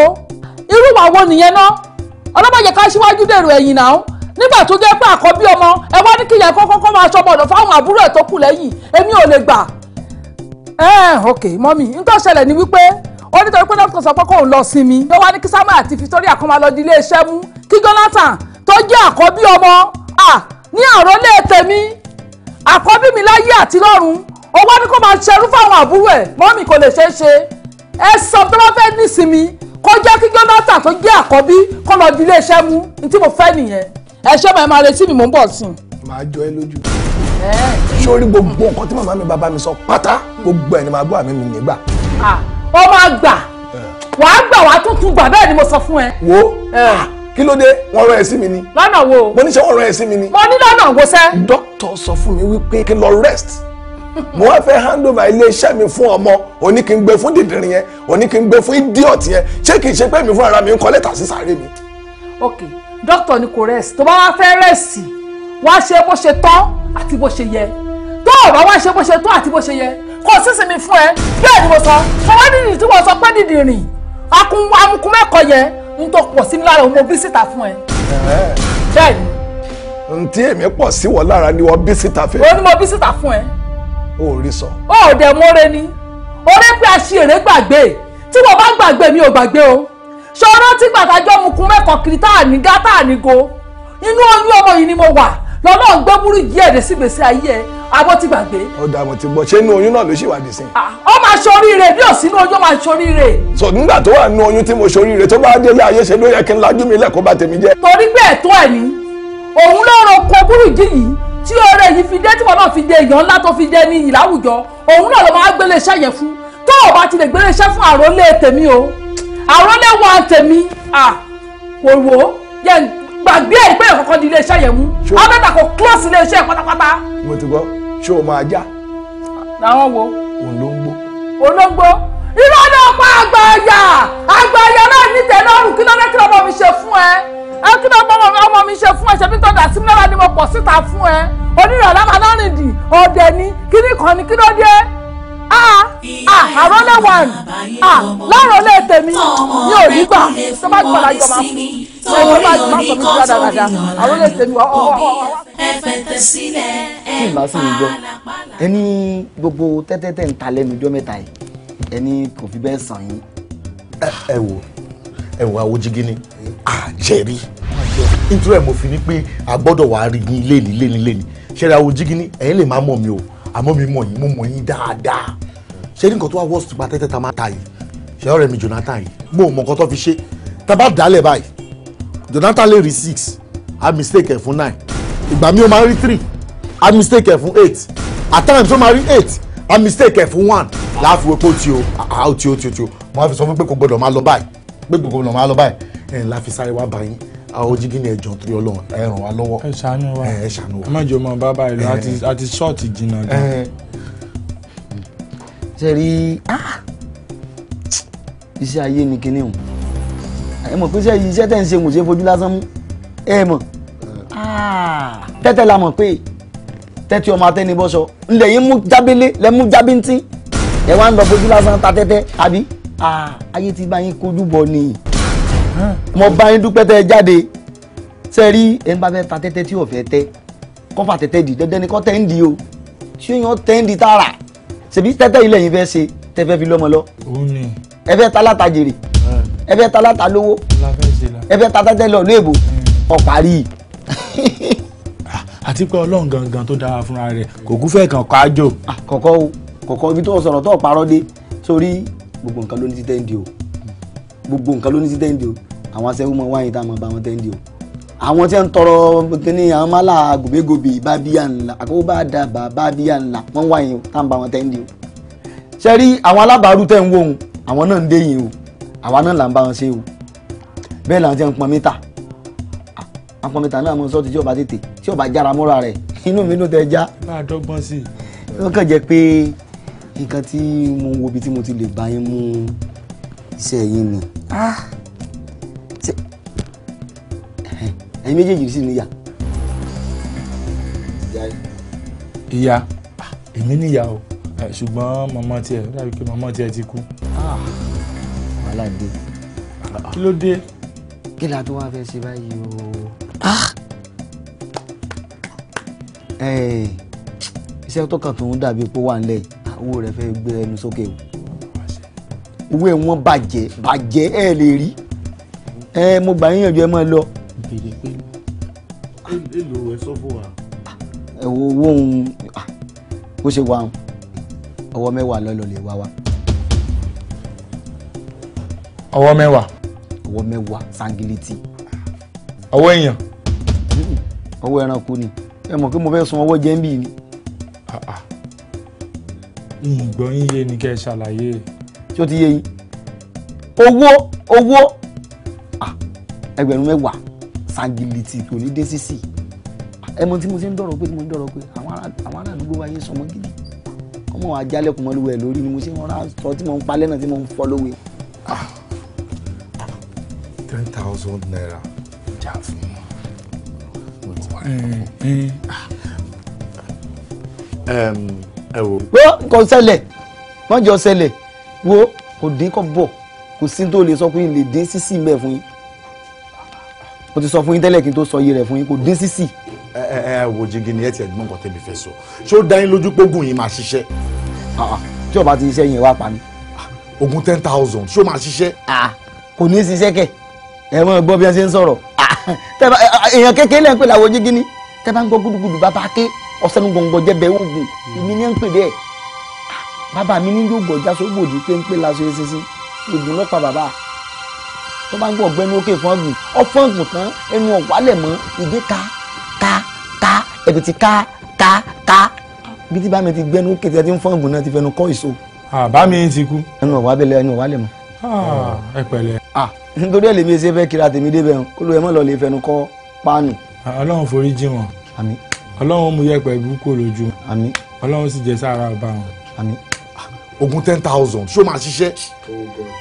irú wà wo nìyẹn náà ká síwájú dèrò ẹ̀yìn náà nígbà tó jẹ́ pé ọmọ ẹ wá ní kíyà kọ́kọ́ kọ́ fáwọn àbúrò ẹ̀ tó kù lẹ́yìn èmi ò gbà. ok ó nítorí pé dókítà sọ pé kóun lọ sinmi ló wá ní kí Samuel àti Victoria kan máa lọ di ilé iṣẹ́ mú kí Jonathan tó jẹ́ àkọ́bí ọmọ ní àròlé tèmi àkọ́bí mi láyé àti lọ́run ó wá ní kó máa ṣerú fáwọn àbúrò ẹ̀ mọ́mì kò lè ṣeé ṣe ẹ sọ tó bá fẹ́ nísinmi kó jẹ́ kí Jonathan tó jẹ́ àkọ́bí kó lọ di ilé iṣẹ́ mú ní tí mo fẹ́ nìyẹn ẹ ṣé màá máa retí mi mò ń bọ̀ sí i. màá jọ ẹ gbogbo nǹkan tí màmá mi bàbá mi sọ pátá gbogbo ẹ̀ ni màá gbọ́ àmì mi nígbà ó máa gbà wàá gbà wàá tún tún gbà bẹ́ẹ̀ ni mo sọ fún ẹ. wo ah, kí ló dé wọn rán ẹ sí mi ni. lọ́nà wo. mo ní ṣé wọn rán ẹ sí mi ni. mo ní lọ́nà wo sẹ́. dókítà sọ fún mi wípé kí n lọ rest mo wá fẹ́ hand over iléeṣẹ́ mi fún ọmọ òní kí n gbé fún dìndìnrín yẹn òní kí n gbé fún idiot yẹn ṣé kì í ṣe pé mi fún ara mi ń kọ́ lẹ́tà sí sáré mi. ok dókítà ni kò rest tó bá wá fẹ́ rest wá ṣe bó ṣe tọ́ àti bó ṣe yẹ tó o bá wá ṣe bó ṣe tọ́ àti bó ṣe yẹ kò sísìn mi fún ẹ bẹ́ẹ̀ ni mo sọ sọwọ́n dídì tí wọ́n sọ pé dídì rìn akun amukun mẹ́kọ̀ yẹn ń tó pọ̀ sí mi lára òun mo bí síta fún ẹ. bẹ́ẹ̀ ni. n tí èmi pọ̀ sí wọ lára ni wọ́n bí síta fẹ́. òun ni mo bí síta fún ẹ. o ò rí sọ. o ò dẹ̀ mọ́re ni orí pé aṣèré gbàgbé tí wọ́n bá gbàgbé mi ò gbàgbé o ṣé o rántí gbàdájọ́ mukun mẹ́kọ̀ kiri tá à ní gá tá à ní go inú oyún ọmọ yìí ni mo wà lọ́nà gbẹ́búrú yí ẹ̀dẹ̀ abọ́ ti gbàgbé. ọ̀dà mo ti gbọ́ ṣé inú oyún náà ló ṣì wà dísìn. Ah, ó máa ṣoríire bí òsínú oyún máa ṣoríire. sọ nígbà tó wà nínú oyún tí mo ṣoríire tó bá délé ayé ṣe ló yẹ kí n lajú mi lẹ́kọ̀ọ́ bá tèmi jẹ́. torí pé ẹ̀tọ́ ẹ̀ ni òun ló ro kogúrú ìdí yìí tí ọ̀rẹ́ yìí fi dé tí wọn náà fi dé èèyàn ńlá tó fi dé ní ìláwùjọ òun náà ló máa gbélé iṣẹ́ yẹn fún tó o bá ti lè gbélé iṣẹ́ fún àrólé tèmi o àrólé wa tèmi ah, kò wò ó yẹn gbàgbé ẹ̀ pé ẹ̀kọ́kọ́ di ilé iṣẹ́ yẹn mú abẹ́ta kò close ilé iṣẹ́ pátápátá. mo ti gbọ́ ṣé o máa já. làwọn wo. òun ló ń gbó. òun ló ń gbó. irọ́ náà pa àgbà ẹ̀yà àgbà ẹ̀yà náà ní tẹ̀ lọ́rùn kí lọ́dẹ kí lọ́mọ mi ṣe fún ẹ kí lọ́mọ ọmọ mi ṣe fún ẹ ṣe bí tọ́jà sí mi ni mo pọ̀ síta fún ẹ onírànlá máa lọ́rìn dì ọ̀dẹ̀ ni kíní kan ni kí ló Ah, ah, ah àárọ̀ lè wà ní ah, lọ́rọ̀ lè tèmi ní òní gbà tó bá gbọ́dọ̀ ayọ̀ máa fún mi tó bá gbọ́dọ̀ máa sọ mi dáadáa àárọ̀ lè tèmi wà ọ̀ọ́. kí n bá sì ń gbọ́ ẹni gbogbo tẹ́tẹ́tẹ́ ń ta lẹ́nu ọjọ́ mẹ́ta yìí ẹni kò fi bẹ́ẹ̀ sàn yín. ẹ wò ẹ wò àwọn jígí ni àjẹrí nítorí ẹ mo fi ni pé a gbọ́dọ̀ wà á rí yín léni léni léni ṣẹlẹ àwọn jígí ni ẹ̀yin lè má mọ̀ mi o àmọ́ mi mọ̀ yín mo mọ̀ yín dáadáa ṣé ní nǹkan tó wá wọ́ọ̀sì tó gba tẹ́tẹ́ ta máa ta yìí ṣé ọ̀rẹ́ mi Jonathan yìí mo mọ̀ nǹkan tó fi ṣe tá bá dálẹ̀ báyìí Jonathan lè rí six a mistake ẹ̀ fún nine ìgbà mi ó máa rí three a mistake ẹ̀ fún eight at times ó máa rí eight a mistake ẹ̀ fún one láàfin wípé ó ti o ó ti o ti o ti o mo á fi sọ fún pé kò gbọdọ̀ máa lọ báyìí pé kò gbọdọ̀ máa lọ báyìí ẹ̀ ń láfi sáré wá báyìí àwòjí kí ni ẹjọ torí Ọlọ́run ẹ ràn wá lọ́wọ́ ẹ ṣàánú wa ẹ ṣàánú wa. àmọ́jọ mọ bàbá ìlú àti ṣọ́ọ̀tì jìnnà gan. ṣe rí ah! iṣẹ́ ayé ni kinní o ẹ mọ̀ pé iṣẹ́ tẹ̀ ń ṣe kò ṣe fojú lásán mú ẹ mọ̀ ah! tẹ́tẹ́ la mọ̀ pé tẹ́tí ọmọ atẹ́nibọ́sọ ńlẹ̀ yìí mú jábélé lẹ́ mú jábíntín ẹ wá ń lọ fojú lásán ta tẹ́tẹ́ àbí ah! ayé ti bá yín kojú bọ̀ nìyí mo bá yín dúpẹ́ tẹ́ ẹ jáde ṣe rí ẹ ń bá fẹ́ fa tẹ́tẹ́ tí ò fẹ́ tẹ́ kọ́ fa tẹ́tẹ́ di dandan ni kọ́ tẹ́ ń di o tí èèyàn tẹ́ ń di tààrà ṣèbí tẹ́tẹ́ ilẹ̀ yìí fẹ́ ṣe tẹ́ fẹ́ fi lọ́mọ lọ. ẹ fẹ́ ta láta jèrè ẹ fẹ́ ta láta lówó ẹ fẹ́ ta tẹ́tẹ́ lọ lóòbò ọ̀parí. Ah, àti pé ọlọ́run gangan tó dára fúnra rẹ̀ kò kúfẹ́ kan kájò. Ah, kọ̀kọ́ o kọ̀kọ́ ibi tó sọ̀rọ̀ tó parọ́ gbogbo nǹkan ló ní sí tẹ́ǹdì o àwọn aṣẹ́wó mọ wáyé tá a mọ bá wọn tẹ́ǹdì o àwọn tí wọn ń tọrọ kíní àwọn mọ́là gòbégòbè bábíyà ńlá àkókò bá dàbà bábíyà ńlá wọn wáyé o tá a bá wọn tẹ́ǹdì o ṣe rí àwọn alábàárù tẹ̀ ń wò ó àwọn náà ń déyìn o àwa náà là ń bá wọn ṣe o bẹ́ẹ̀ làwọn tí wọn ń pọn mítà àpọn mítà náà mọ sọ́ọ̀tì tí ọba tètè tí ọba jára mọ́ra rẹ̀ inú mi ló tẹ já. máa dọ́gbọ́n sí i. ó kàn jẹ́ pé nǹkan tí mo wo ibi tí mo ti lè bá yín mú iṣẹ́ yín ni ah. ẹ̀yin méjèèjì sì níyà. ìyá ah, èmi níyà o eh, ṣùgbọ́n màmá tiẹ̀ dàbí pé màmá tiẹ̀ ti kú. Ah, wàhálà dé. kí ló dé. kí la tó wá fẹ́ ṣe báyìí o. Eh, iṣẹ́ tó kàn tó ń dàbí pé ó wà nílẹ̀ owó rẹ̀ fẹ́ gbé ẹnu sókè o ìwé wọn bàjẹ́ bàjẹ́ ẹ lè rí ẹ mo gbà yín yànjú ẹ máa lọ. bèrè pé èlò ẹ wo owó òun bó ṣe wà ọwọ́ mẹ́wàá lọ́lọ́ lè wá wa. ọwọ́ mẹ́wàá. ọwọ́ mẹ́wàá sangiliti. ọwọ́ èèyàn. ọwọ́ ẹranko ni ẹ mọ̀ pé mo fẹ́ sun ọwọ́ jẹ́ńbì ni. Ah, ah. ìgbọ́n yín yé ni kẹ́ ẹ ṣàlàyé tí ó ti yé yìí owó owó ah, ẹgbẹ̀rún mẹ́wàá sangiliti kò ní dé sísì ah, ẹmọ tí mo ti ń dọ̀rọ̀ pé mo ń dọ̀rọ̀ pé àwọn aládùúgbò wáyé sọmọ gidi ọmọ wa jálẹ̀kùn mọ́lúwẹ̀ ẹ̀ lórí ni mo ṣe ń rán aṣọ tí mo ń palẹ́ náà tí mo ń fọ́ lówe. Ah. ten thousand naira jà fún mi. Eh, eh. ẹ wo. kò ṣẹlẹ̀ wọ́n jọ wo kò dín kọ́ bọ̀ kò sí tó lè sọ pé lè dín sísì mbẹ́ fún yín mo ti sọ fún yín tẹ́lẹ̀ kí n tó sọ iye rẹ̀ fún yín kò dín sísì. ẹ ẹ ẹ wo jígi ni ẹ ti ẹ̀gbọ́n kan tẹbi fẹ́ sọ ṣé ó dá yín lójú pé oògùn yìí máa ṣiṣẹ́. Ah, ah. tí o bá ti ṣiṣẹ́ yẹn wá pa mí. Ah, oògùn ten thousand ṣé ó máa ṣiṣẹ́. kò ní í ṣiṣẹ́ kẹ̀ ẹ mọ̀ gbọ́ bí wọ́n ṣe ń sọ̀rọ̀ èèyàn kékeré lẹ́ ń pè láwo jígi ni tẹ́ bá ń gbọ́ gúdúgúdú bàbá ké ọ̀sẹ̀ nu gbọ̀ngbọ̀ jẹ́ bẹ́ẹ̀ oògùn ìmí ni ń pè bẹ́ẹ̀ bàbá mi nílò gbọ̀já sógbòdì péńpé laṣọ eṣinṣin oògùn lọ́pàá bàbá tó bá ń gbọ́ ọ̀gbẹ́ni òkè fọ́ọ̀gùn ọ̀fọ́ọ̀gùn kan ẹnu ọ̀wálẹ̀ mọ́ ìdí ká ká ká ẹ̀bì ti ká ká ká bí tí bá mi ti gbẹ́nu òkè tí a ti ń fọ́ọ̀gùn náà ti fẹnu kọ́ ìṣó. àbá mi ti kú. ẹnu ọ̀wálẹ̀ ẹnu ọ̀wálẹ̀ mọ́. ẹ pẹ̀lẹ́. nítorí ẹ̀ lèmi ṣe fẹ́ kiri àtẹ̀mí débẹ̀ olú ẹ̀ mọ́ lọ lè fẹnu kọ́ páànù. ọlọ́run ogun ten thousand ṣó máa ṣiṣẹ́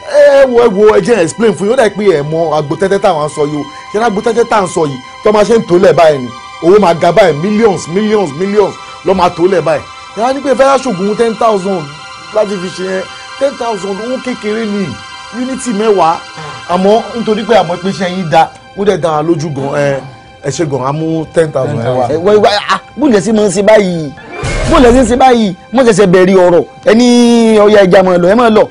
ẹ wo ẹ wo ẹ jẹ́ explain fún yín ó dà pé ẹ mọ agbo tẹ́tẹ́ tá à ń sọ yìí o ṣé ní agbo tẹ́tẹ́ tá à ń sọ yìí tó máa ṣe ń tó lẹ̀ báyìí ni owó máa ga báyìí millions millions millions lọ́ máa tó lẹ̀ báyìí ẹ wá ní pé fẹ́ ṣògùn ten thousand láti fi ṣe yẹn ten thousand owó kékeré ni unity mẹ́wàá àmọ́ nítorí pé àmọ́ pé ṣe yín da ó dẹ̀ dára lójú gan ẹ ẹ ṣe gan amú ten thousand ẹ wá. Ah, ẹ wá bùnẹ̀ sí mo ń ṣe bó lè ṣe báyìí mo ṣẹ̀ṣẹ̀ bẹ̀rẹ̀ ọ̀rọ̀ ẹni ọya ẹja mọ̀ lọ ẹ mọ̀ lọ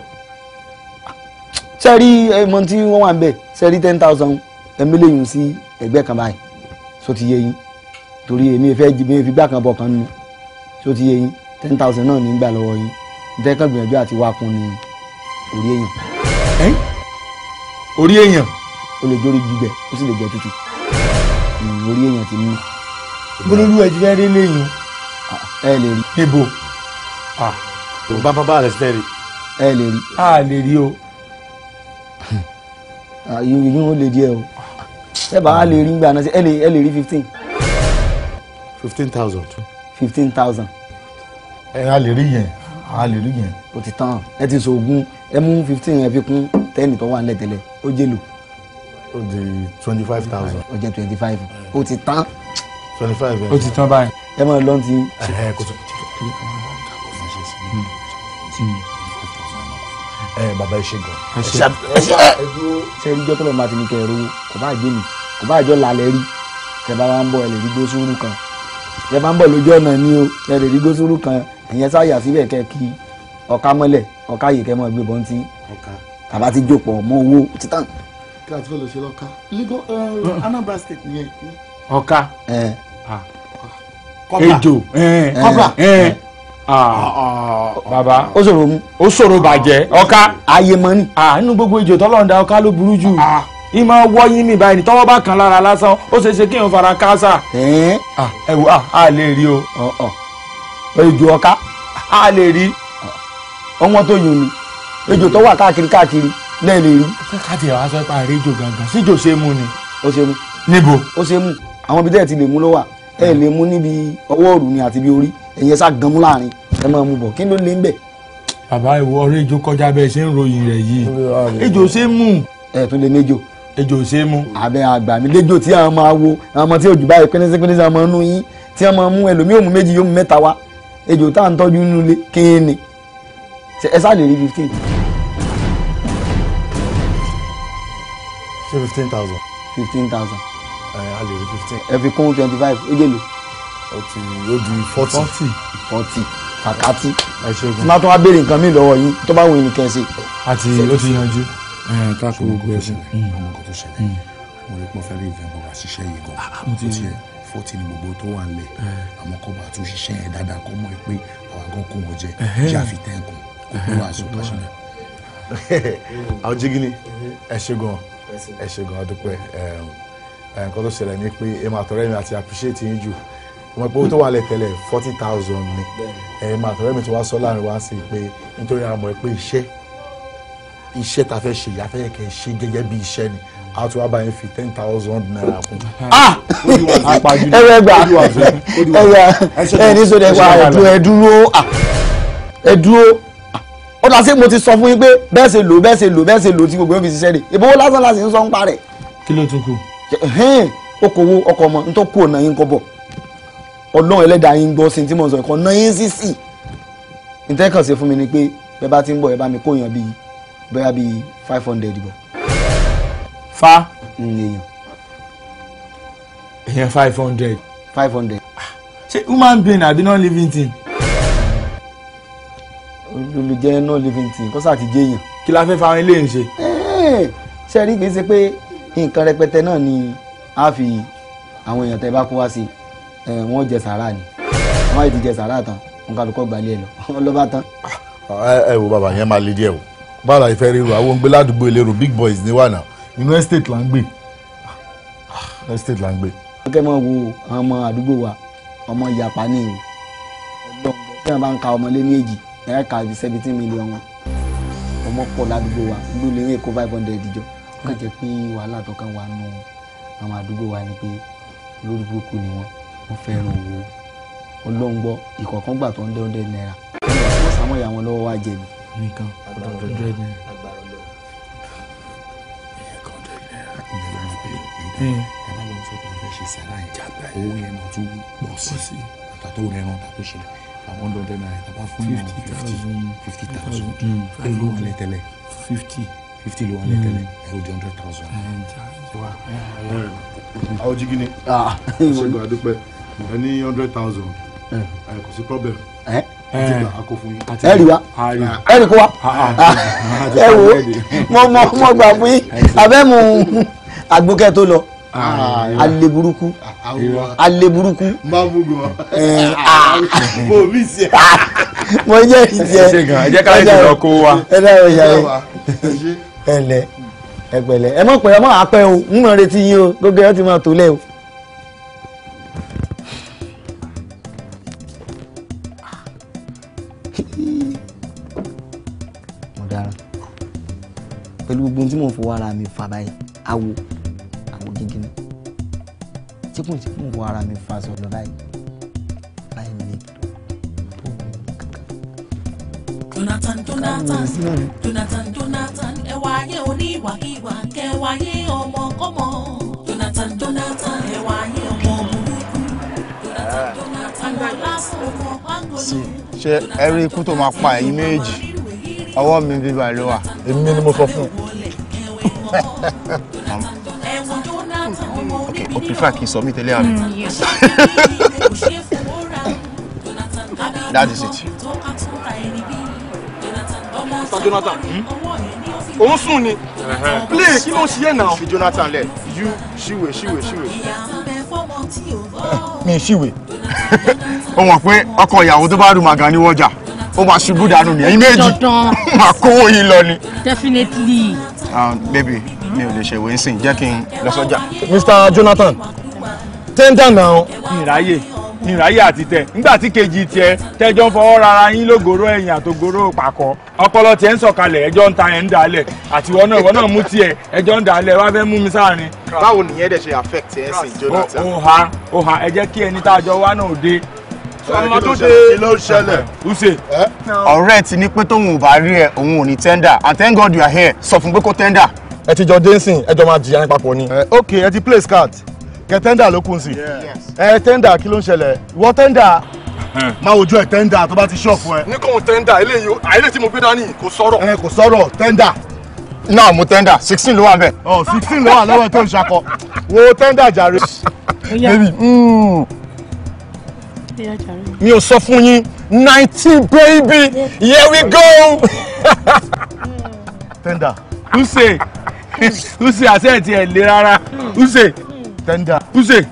sẹ́rí ẹmọ tí wọ́n wà ń bẹ̀ sẹ́rí ten thousand ẹ̀mí lẹ́yìn sí ẹgbẹ́ kan báyìí so ti yé yín torí èmi fẹ́ jí mi fi gbá kan bọ̀ kan nu so ti yé yín ten thousand náà ní gbà lọ́wọ́ yín ntẹ́kàn gbìyànjú àti wákun ní orí èèyàn. orí èèyàn. o lè jórí gbígbẹ o sì lè jẹ tútù hmm, orí èèyàn ti mú. bololú ẹ ti fẹ́ rí lẹ́yìn o ẹ lè rí. níbo bàbá bá rẹ fẹ́ rí. ẹ lè rí. a lè rí o. ìròyìn ó lè díẹ̀ o ẹ bá a lè rí gbà náà ẹ lè ẹ lè rí fifteen. fifteen thousand. fifteen thousand. ẹ a lè rí yẹn a lè rí yẹn. o ti tán ẹ ti sògùn ẹ mú fifteen yẹn fi kún tẹ́ẹ̀nì tó wà nílẹ̀ tẹ́lẹ̀ ó jẹ́ lò. ó di twenty five thousand. ó jẹ́ twenty five O ti tán. twenty five yẹn. ó ti tán báyìí ẹ máa lọ́n ti. ẹ kò tó ẹ bàbá ẹ ṣe gan. ṣe é ríjọ́ tó lọ́ọ́ máa ti ní kẹ́ ẹ rówó kò bá jẹ́ mi kò bá jọ làlẹ́ rí kẹ́ bá wa ń bọ̀ ẹ lè rí gbósùrù kan kẹ́ bá ń bọ̀ lójú ọ̀nà ni o ẹ lè rí gbósùrù kan ìyẹn sáyà síbẹ̀ kẹ́ kí ọ̀ka mọ́lẹ̀ ọ̀ka yìí kẹ́ mọ́ gbé bọ́ ń tí tàbá ti jòpọ̀ mọ́ owó títàn. kí láti fẹ́ lọ ṣe lọ́ka Lagos eh, Anambra State nìyẹn. ọ̀ka. Eh. Ah ejò kọ́bà eh, eh, eh, ah. baba ó ṣòro mu ó ṣòro bàjẹ́ ọ̀ka ayé mọ́ ni. nínú ah, gbogbo ejò tọ́lọ́run dá ọ̀ka ló burú jù ìmọ̀ ah. wọ́yìn mi báyìí tọ́wọ́ bá kan lára lásán ó ṣe é ṣe kí n fara káásà. ẹ wo a lè rí o ejò ọ̀ka a lè rí ọmọ tó yùn ni ejò tó wà káàkiri káàkiri náà lè rí. káàtì àwọn aṣọ ìpa àrèjò gangan síjò ṣe é mú ni. ó ṣe mú. níbo. ó ṣe mú àwọn ibi tẹ́ẹ̀ ti lè mú ló wà ẹ lè mú níbi ọwọ́ òrù ni àti ibi orí ẹ̀yẹ sá gan mú láàrin ẹ máa mú bọ̀ kí ló lè ń bẹ̀. bàbá ìwọ ọ̀rẹ́ ejò kọjá bẹ́ẹ̀ ṣe ń ròyìn rẹ̀ yìí ejò ṣe mú. ẹ tún lè méjò. ejò ṣe mú. àbẹ àgbà mi lẹ́jọ́ tí àwọn máa wo àwọn ọmọ tí òjò báyìí pẹ́ẹ́nẹ́sẹ́ pẹ́ẹ́nẹ́sẹ́ máa nú yín tí wọ́n máa mú ẹlòmíì òmù méjì yóò mú mẹ́ta wá ejò tá à ń tọ́jú fifteen thousand. Eh, a lè rí fifteen. ẹ fi kún twenty five ó jèlò. ó ti ó di forty. forty forty kàkàtì. ẹ ṣeun tí máa tún wá béèrè nǹkan mi lọ́wọ́ yín tó bá wù yín nìkan ṣe. àti ó ti yanjú. ká kó gbogbo ẹ ṣe mm. ọmọ kan tó ṣẹlẹ̀ mm. mo rí pọ́n fẹ́rẹ́ ìfẹ́ bọ̀wá ṣiṣẹ́ yìí gan. mo ah, ah, ti yẹ mm. Forty. ni gbogbo tó wà lẹ̀ eh. àmọ́ kọ́ bá tún ṣiṣẹ́ yẹn dáadáa kọ́ mọ́ ẹ pé àwọn àgọ́ kò wọ́n jẹ kí a fi tẹ́ ẹ̀kún kó pé wàásù kásùnà àwọn jígínì ẹ ṣe gan ẹ ṣe gan adúpẹ́ Eh, nǹkan tó ṣẹlẹ̀ ni pé ẹ máa àti appreciate yín jù mo pe owó tó wà lẹ tẹ́lẹ̀ forty thousand ni eh, ẹ máa tọrẹ mi sọ láàrin wá sí pé nítorí àmọ́ ẹ pé iṣẹ́ iṣẹ́ ta fẹ́ ṣe ìyá fẹ́ kẹ́ ṣe gẹ́gẹ́ bí iṣẹ́ ni a tún wá bá yẹn fi ten thousand naira kún. ẹ̀rọ ẹgbà ẹ̀rọ ẹ̀ ní sọ́dọ̀ ẹ̀gbà ẹ̀ dúró ẹ̀ ah! dúró ah! ó dá sí mo ti sọ fún yín pé bẹ́ẹ̀ ṣe lò bẹ́ẹ̀ ṣe lò bẹ́ẹ̀ ṣe lò tí gbogbo yóò fi ṣiṣẹ́ rè ìbówó lásán lásán ń sọ ń parẹ́. kí ló tún kù okòwò ọkọ̀ ọmọ nítorí kú ọ̀nà yín kọ́ bọ̀ ọlọ́run ẹlẹ́dàá yín gbọ́ sí tí mo sọ ẹ̀kọ́ náà yín sì sì ìtẹ́kàn sí fún mi ni pé bẹ́ẹ̀ bá ti ń bọ̀ ẹ bá mi kóyàn bíi bẹ́ẹ̀ bíi five hundred bọ̀. fa èèyàn. èèyàn five hundred. five hundred. Ah, ṣé human being àbí non-living thing. olùjẹ́ non-living thing kọ́sà ti jẹ́ èèyàn. kí la fẹ́ fa ilé ń ṣe. ṣe rí kì í ṣe pé nǹkan rẹpẹtẹ náà ni a fi àwọn èèyàn tẹ bá kó wá sí ẹ wọn jẹ sàrà ni wọn á ti jẹ sàrà tán wọn kálukọ gbalẹ lọ wọn lọ bá tán. Ah, ẹ wo bàbá yẹn máa le díẹ̀ o bára ìfẹ́ ríru àwọn ògbé ládùúgbò ìlérò big boys ní wànà inú estate là ń gbé ah, estate là ń gbé. akẹ́ mọ̀ wo àwọn ọmọ àdúgbò wa ọmọ ìyapa ní ìwé ọgbọ́n tí wọ́n bá ń ka ọmọ lé ní èjì ẹ̀ka fi seventeen million wọn ọmọ pọ̀ ládùúgbò wa gbólé ní èkó five hundred jọ kàn jẹ́ pé wàhálà tó kàn wà nù àwọn àdúgbò wa ni pé lórí burúkú ni wọ́n wọ́n fẹ́ràn owó ọlọ́run gbọ́ ìkọ̀ọ̀kan gbà tó ń dẹ́ ọ̀dẹ́ náírà wọ́n sàmọ́ ìyá wọn lọ́wọ́ wá jẹ ni. nìkan ọ̀dọ̀ ọ̀dọ̀ ẹ̀ náírà. owó yẹn mọ̀ tún pọ̀ sí àtàtò rẹ̀ ràn tàtó ṣe àwọn ọ̀dọ̀ ọ̀dẹ́ náírà tàbá fún yàrá fifty thousand fifty thousand mm, ẹ̀ ló ń lẹ fifty fifty ló wà ní tẹ́lẹ̀ hmm. ẹ̀rọ di hundred thousand. àwọn jígi ni ṣègùn àdúpẹ́ ẹ ní hundred thousand ẹ eh. eh, kò sí problem eh? ẹ rí wa ẹ rí kó wa ah, ah. Ah, ẹ wo mo mọ mo gbà fún yín abẹ́ mu agbókẹ́ tó lọ alẹ́ burúkú alẹ́ burúkú mo jẹ́ ìjẹ́ ẹ jẹ́ ká lè lọ kó wa ẹlẹ ẹgbẹlẹ ẹ mọ̀ pé ẹ mọ̀ àpẹ o ń mọ̀ retí yín o gbogbo ẹ ti máa tó lẹ o. mo dára pẹ̀lú gbogbo tí mò ń fowó ara mi fà báyìí awo awo gígí ni tí kò tí mò ń fowó ara mi fà sọ̀rọ̀ báyìí. Jonathan Jonathan Jonathan Jonathan ẹ wáyé oníwàkiwà kẹ wáyé ọmọkọ́mọ Jonathan Jonathan ẹ wáyé ọmọ burúkú Jonathan Jonathan wà lásán ọmọ pangolo. ṣé ẹ ikú tó máa pa ẹ̀yin méjì ọwọ́ mi bíbá ló wà. èmi ni mo sọ fún okay o prefer kí n submit eléyà mi that is it. Jonathan Jonathan òun sùn ni play kí ló ń ṣiyẹ náà. fi Jonathan lẹ yú ṣíwè ṣíwè ṣíwè. mi she will. mọ̀ pé ọkọ ìyàwó tó bá rú màgà ní wọ́jà ó máa ṣubú dànù ní ẹ̀yin méjì máa kówó yìí lọ ni. definitely. Ah, baby mi ò lè ṣèwé ń sìn jẹ́ kí n lọ sọ́jà. Mr Jonathan tender now. ìráyè. ní ráyè àti tẹ nígbà tí kejì tiẹ tẹjọ ń rara yín lógoro ẹ̀yìn àtògoro pàkọ́ ọpọlọ tiẹ̀ ń sọ̀kalẹ̀ ẹjọ́ ń ta ẹ̀ ń dalẹ̀ àti ìwọ náà ìwọ náà mú ni ẹjọ́ ń dalẹ̀ affect sìn Jonathan. ha o ha ẹ kí ẹni tá a jọ wá náà dé ọmọ tó ṣe ló ṣẹlẹ̀. use. ọ̀rẹ́ ti ní pé tóun ò bá rí ẹ òun ò God you here sọ fún pé kó tẹ́ndà. ẹ ti jọ dé ẹ jọ máa jìyà ni. ok ẹ ti kẹ tẹ́ndà ló kún sí ẹ tẹ́ndà kí ló ń ṣẹlẹ̀ ìwọ tẹ́ndà máa wojú ẹ tó bá ti ṣọ́ọ̀fù ẹ. ní kò tẹ́ndà eléyìí àìlè tí mo gbé dání kò sọ̀rọ̀. ẹ kò sọ̀rọ̀ tẹ́ndà. náà mo tẹ́ndà sixteen ló wà bẹ́ẹ̀. ọ oh, sixteen ló wà lọ́wọ́ tó ń ṣakọ wo tẹ́ndà jàre. baby hmm. mi ò sọ fún yín nineteen baby here we go. tẹ́ndà. use use àṣẹ ẹ̀ tiẹ̀ le rárá use tẹ́ndà. use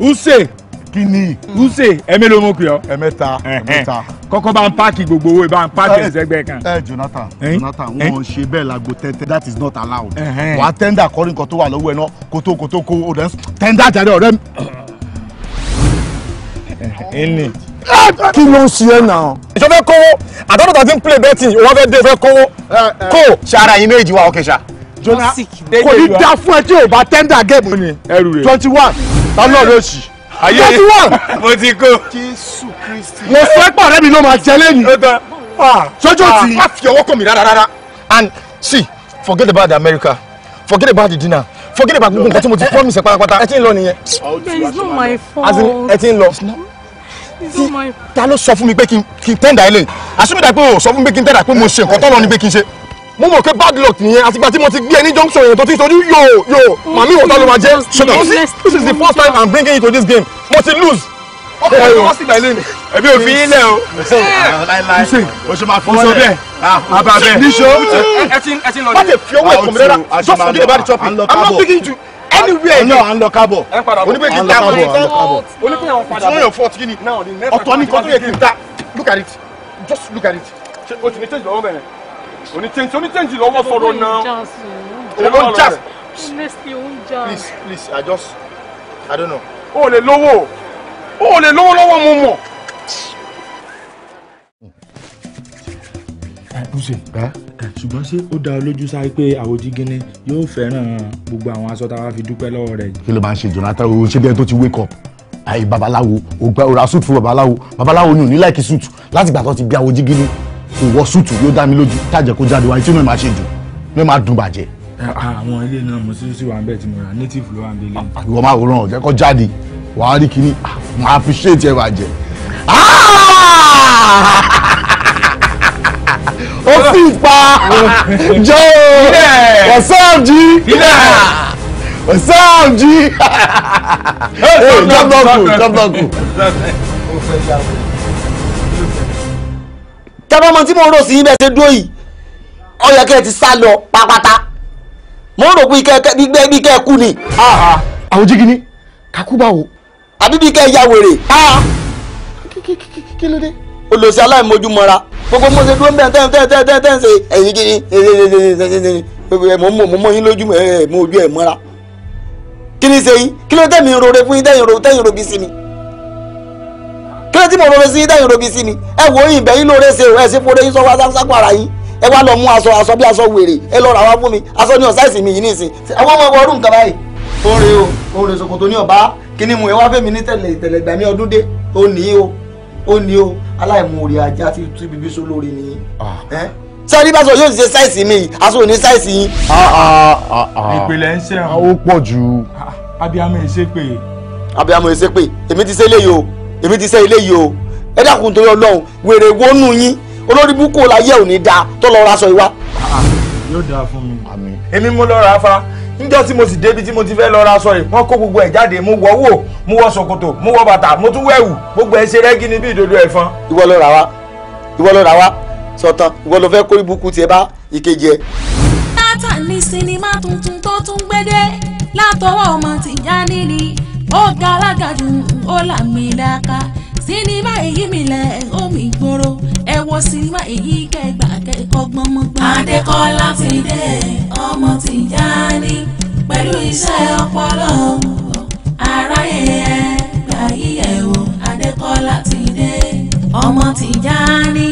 use kini. use ẹ̀mí ló mú pè ọ́. ẹ̀mẹ́ta ẹ̀mẹ́ta. kọ́kọ́ bá ń páàkì gbogbo owó bá ń páàkì eh, ẹ̀sẹ̀gbẹ́ kan. ẹ eh, Jonathan Jonathan wọn ṣe bẹ́ẹ̀ lago tẹ́tẹ́ that is not allowed. wàá tẹ́ndà kọ́rí nǹkan tó wà lọ́wọ́ ẹ̀ náà kótó kótó kó o dẹ́n tẹ́ndà jáde ọ̀rẹ́ mi. ẹni. kí ló ń ṣe ẹ́ náà. ìṣọ́fẹ́ kówó àtọ́nà tàbí ń play betting òwò fẹ́ dé fẹ́ kówó eh, kó ṣe ara yín méjì wá jona kò ní dá fún ẹ tí o bá tẹ́ndà géèmù ni twenty one tálọ́ ló ṣì twenty one. mo ti kó. jésù kristi. mo fẹ́ pàrẹ́ mi ló máa jẹ lẹ́yìn. sọ́jọ́ tí. má fi ọwọ́ kàn mí rárá rárá and see forget about America forget about the dinner forget about gbogbo nǹkan tí mo ti promise pátápátá ẹ ti ń lọ nìyẹn. it's not my fault. as in ẹ ti ń lọ. ta ló sọ fún mi pé kí n tẹ́ndà ẹ lẹ́yìn àṣìbìdà pé o sọ fún mi pé kí n tẹ́ndà pé mo ṣe nǹkan tọ́lọ́ ni pé kí n ṣe mo mọ̀ pé bad luck nìyẹn àtìgbà tí mo ti gbé ẹ ní junction yẹn tó ti sojú yòò yòò màmí ìwọ̀ta ló máa jẹ́ ṣọlá this is the first time i'm bringing you to this game mo ti lose. ọkọ yìí oh. wọ́n sì gbà lé mi. ẹbí ò fi yín lẹ o. o ah, ṣe máa fi wọlé bẹ́ẹ̀ ah, ah, àbá bẹ́ẹ̀. níṣó ẹ ti ẹ ti lọ ní. wọ́n ti fi owó ẹ̀kọ́ mi rẹ́ra just forget about the chopping i'm not picking you anywhere yìí. ọ̀nà àńlọ kábọ̀ onígbè kí n ta ọ̀nà àńlọ kábọ̀ onígbè àwọn padà bọ̀ ọ̀tún yóò fọ́ ọtí ni ọ̀tọ̀ ni kọ́tún yẹ kí n ta look at it just look at it. o ti ní tẹ́jú lọ́wọ́ mẹ́rin oníchẹ́ǹtì oníchẹ́ǹtì lọ́wọ́ sọ̀rọ̀ náà owó ń jà please please i just i don't know. o ò lè lówó o ò lè lówó lọ́wọ́ mo mọ̀. ṣe ṣùgbọ́n ṣé ó dá ọ lójú sáré pé àwòjí gíní yóò fẹ́ràn gbogbo àwọn aṣọ tá a wá fi dúpẹ́ lọ́wọ́ rẹ̀. kí ló máa ń ṣe Jonathan o ṣé bí tó ti wake up àì babaláwo ò gba òrà suit fún babaláwo babaláwo ni ò ní láìkí suit láti gbà tó ti bí àwòjí gíní kò wọ súùtù yóò dá mi lójú tájẹ kó jáde wáyé tí inú mi máa ṣe dùn ló máa dùn bàjẹ́. àwọn ilé náà mo sì sì wà níbẹ̀ tí mo rà native ló wà níbẹ̀ lẹ́yìn. àbíwọ́ ah, máa wòran ọ̀jẹ́ kó jáde wàá rí kínní ah, mo appreciate ẹ bàjẹ́. Ah! ó sì pa jọ ọ̀sán jí ọ̀sán jí jọ́bọ̀kù jọ́bọ̀kù tábọ́mọ tí mo rò sí ibẹ̀ ṣe dúró yìí ọyọ kẹ́ ẹ ti sá lọ pápátá mo rò pé gbígbẹ́ bí kẹ́ ẹ kú ni. àwọn jígi ni kakú bá wo. àbí bí kẹ́ ẹ ya wèrè. kí ló dé. olùsí aláìmojúmọ́ra gbogbo mo ṣe dúró ń bẹ̀ tẹ́ tẹ́ tẹ́ tẹ́ tẹ́ ṣe ẹ̀yìn kiri mo mọ yín lójú ẹ̀ mo ojú ẹ̀ mọ́ra kí ni ṣe yín kí ló tẹ̀mí rore fún yín tẹ̀yìn ro tẹ̀yìn ro bí sí mi kí tí mo rọrọ sí yín dẹ́yìn robi sí mi ẹ wò yín bẹ́yìn lóore ṣe o ẹ ṣe fore yín sọ wá sápò ara yín ẹ wá lọ mú aṣọ aṣọ bí aṣọ wèrè ẹ lọ rà wá fún mi aṣọ ní ọ̀sáìsì mi yìí nìsín àwọn ọmọ ọdún nǹkan báyìí. oore o oore ṣòkòtò ní ọba kíní mu ẹ wá fẹmi ní tẹlẹ ìtẹlẹ ìgbà mi ọdún dé ó ní o ó ní o aláìmoore ajá ti tú bíbí só lórí ni. sọ́ọ́dí ah. bá sọ yóò ṣe sáìsì mi aṣọ òní sáìsì yín. Ah, ah, ìpìlẹ̀ ń ṣe àwọn. ó pọ̀ ju. abiyamọ èsèpè. abiyamọ èsèpè èmi ti ṣe léyìí o èmi ti sẹ́ ilé yìí o ẹ dákun torí ọlọ́run wèrè wónú yín olórí búkú láyé òní dáa tó lọ ra aṣọ ìwá. Ah, yóò dáa fún mi. àmín. èmi mo lọ ra afárá níjọ́ tí mo sì débi tí mo ti fẹ́ lọ ra aṣọ yìí wọ́n kó gbogbo ẹ̀ jáde mo wọ̀ wò mo wọ ṣòkòtò mo wọ bàtà mo tún wẹ̀wù gbogbo ẹ̀ ṣe rẹ́gí ni bí ìdodo ẹ̀fọn. ìwọ ló rà wá ìwọ ló rà wá sọtàn ìwọ ló fẹ́ kó ibùkún tiẹ̀ bá ìkejì ẹ̀. látà ní sinimá tuntun tó tún gbédè látọwọ́ ọmọ Tìjání ni ó ga alágàjù ó là mí láká sinimá èyí mi lẹ̀ omi ìgboro ẹ wo sinimá èyí kẹgbà kẹkọgbọ́n mọ́gbọ́n. Adékọ́lá ti dé ọmọ Tìjání pẹ̀lú iṣẹ́ ọpọlọ aráyé ẹ gbà yíyẹ̀ wò Adékọ́lá ti dé ọmọ Tìjání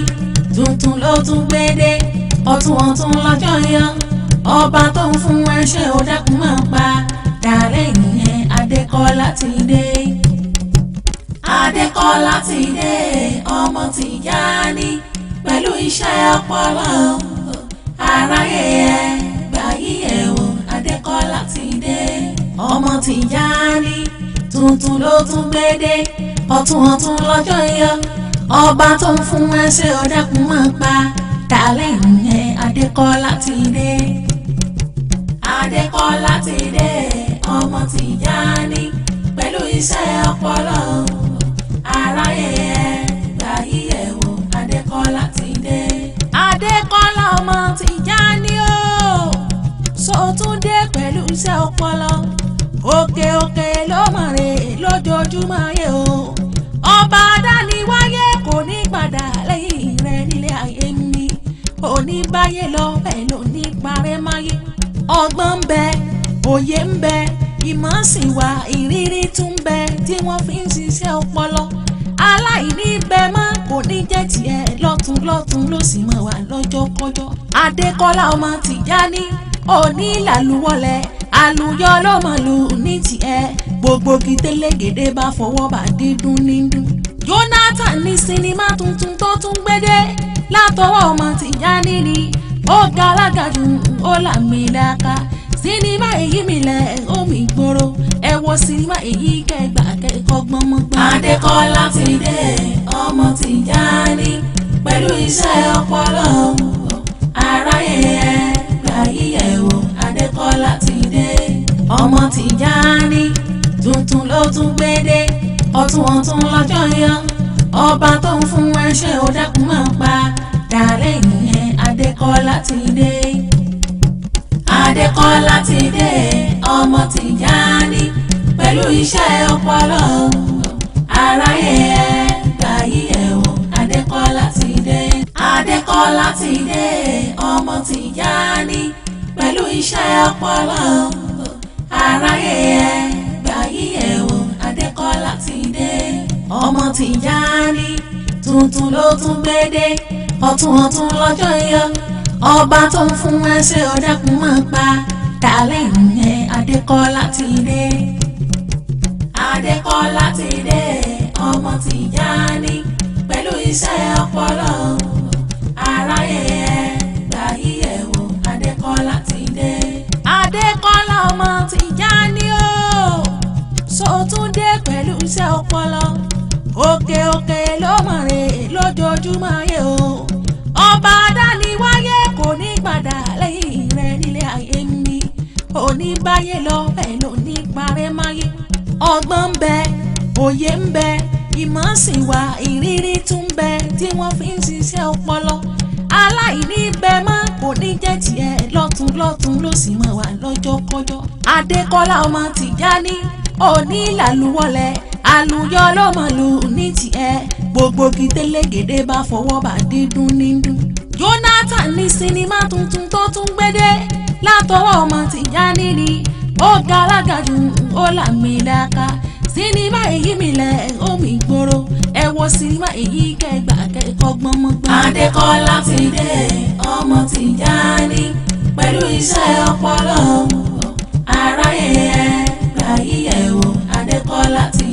tuntun ló tún gbédè ọ̀tún ọ̀tún lọ́jọ́ yan ọba tó ń fún ẹṣẹ́ ó dákun máa pa dàrẹ́ ìní. Adékọ́lá ti dé Adékọ́lá ti dé ọmọ Tìjàní pẹ̀lú iṣẹ́ ọpọlọ aráyé ẹ gbà yí ẹ wò Adékọ́lá ti dé ọmọ Tìjàní tuntun ló tún gbé dé ọ̀tun ọ̀tun lọ́jọ́ yọ ọba tó ń fún ẹsẹ̀ ọ̀dàkùn máa pa tàlẹ́ ìyẹn Adékọ́lá ti dé Adékọ́lá ti dé ọmọ Tijani pẹ̀lú iṣẹ́ ọpọlọ aráyé ẹgbà yíyẹ̀wò Adékọ́lá ti dé. Adékọ́lá ọmọ Tijani o sọtúndé pẹ̀lú iṣẹ́ ọpọlọ òkè òkè ló mọ̀ rè lójoojúmọ́ ayé o ọba adániwáyé kò ní padà lẹ́yìn rẹ̀ nílé ayé mi oníbáyé lọ pẹ̀lú níparẹ́ máyé ọgbọ́n bẹ́ẹ̀ òye ń bẹ ìmọ̀ sì wà ìrírí tún ń bẹ tí wọ́n fi ń ṣiṣẹ́ ọpọlọ aláìní bẹ má kò ní jẹ́ tiẹ̀ lọ́tún lọ́tún ló sì mọ̀ wá lọ́jọ́kọ́jọ́ adékọ́lá ọmọ tìjání òní làlúwọlẹ̀ àlùyọ lọ́mọlù ní tiẹ̀ gbogbo kìtẹ́lẹ́gẹ̀dẹ́ bá fọwọ́ bá dídún nídùn Jonathan ní sinimá tuntun tó tún gbédé látọwọ́ ọmọ tìjání ni ó ga alágàjù ó làmì dáká sinimá èyí mi lẹ̀ omi ìgboro ẹ wo sinimá èyí kẹgbà kẹkọgbọ́n mọ́gbọ́n. Adékọ́lá ti dé ọmọ Tìjání pẹ̀lú iṣẹ́ ọpọlọ aráyé ẹ gbà yíyẹ̀ wò Adékọ́lá ti dé ọmọ Tìjání tuntun ló tún gbédé ọ̀tún ọ̀tún lọ́jọ́ yọ ọba tó ń fún ẹṣẹ́ ó dákun máa pa dàlẹ́ ìyẹn Adékọ́lá ti dé. Adekola ti dé ọmọ Tìjání pẹ̀lú iṣẹ́ ọpọlọ aráyé ẹ̀ gbàyí ẹ̀wọ̀ Adekola ti dé Adékọ́lá ti dé ọmọ Tìjání pẹ̀lú iṣẹ́ ọpọlọ aráyé ẹ̀ gbàyí ẹ̀wọ̀ Adékọ́lá ti dé ọmọ Tìjání tuntun ló tún gbé dé ọ̀tun ọ̀tun lọ́jọ́ yọ ọba tó ń fún ẹ ṣe ọ̀dẹ́kun máa pa tàlẹ́ ìyẹn adékọ́lá ti dé adékọ́lá ti dé ọmọ Tìjání pẹ̀lú iṣẹ́ ọpọlọ aráyé ẹ gbà yíyẹ wò adékọ́lá ti dé. adékọ́lá ọmọ Tìjání o sọtúndé pẹ̀lú iṣẹ́ ọpọlọ òkè òkè ló mọ̀ rè lójoojúmọ́ ayé o ọba adániwáyé ní padà lẹ́yìn rẹ nílé ayé mi oníbáyé lọ bẹ́ẹ̀ ló ní parẹ́ máyé ọgbọ́n ń bẹ òye ń bẹ ìmọ̀ sì wà ìrírí tún ń bẹ tí wọ́n fi ń ṣiṣẹ́ ọpọlọ aláìní bẹ má kò ní jẹ́ tiẹ̀ lọ́tún lọ́tún ló sì mọ̀ wá lọ́jọ́kọ́jọ́ adékọ́lá ọmọ tìjání onílàlúwọlẹ̀ àlùyọ lọ́mọlù ní tiẹ̀ gbogbo kìtẹ́lẹ́gẹ̀dẹ̀ bá fọwọ́ bá dídún nídùn. Jonathan ní sinimá tuntun tó tún gbédé látọwọ́ ọmọ Tìjání ni ó galaga jù ó làmìlaka sinimá èyí mi omi ìgboro ẹ wo sinimá èyí kẹgbà kẹkọgbọn mọgbọn. Adékọ́lá ti dé ọmọ Tìjání pẹ̀lú iṣẹ́ ọpọlọ aráyé ẹ gbà yíyẹ̀ wò Adékọ́lá ti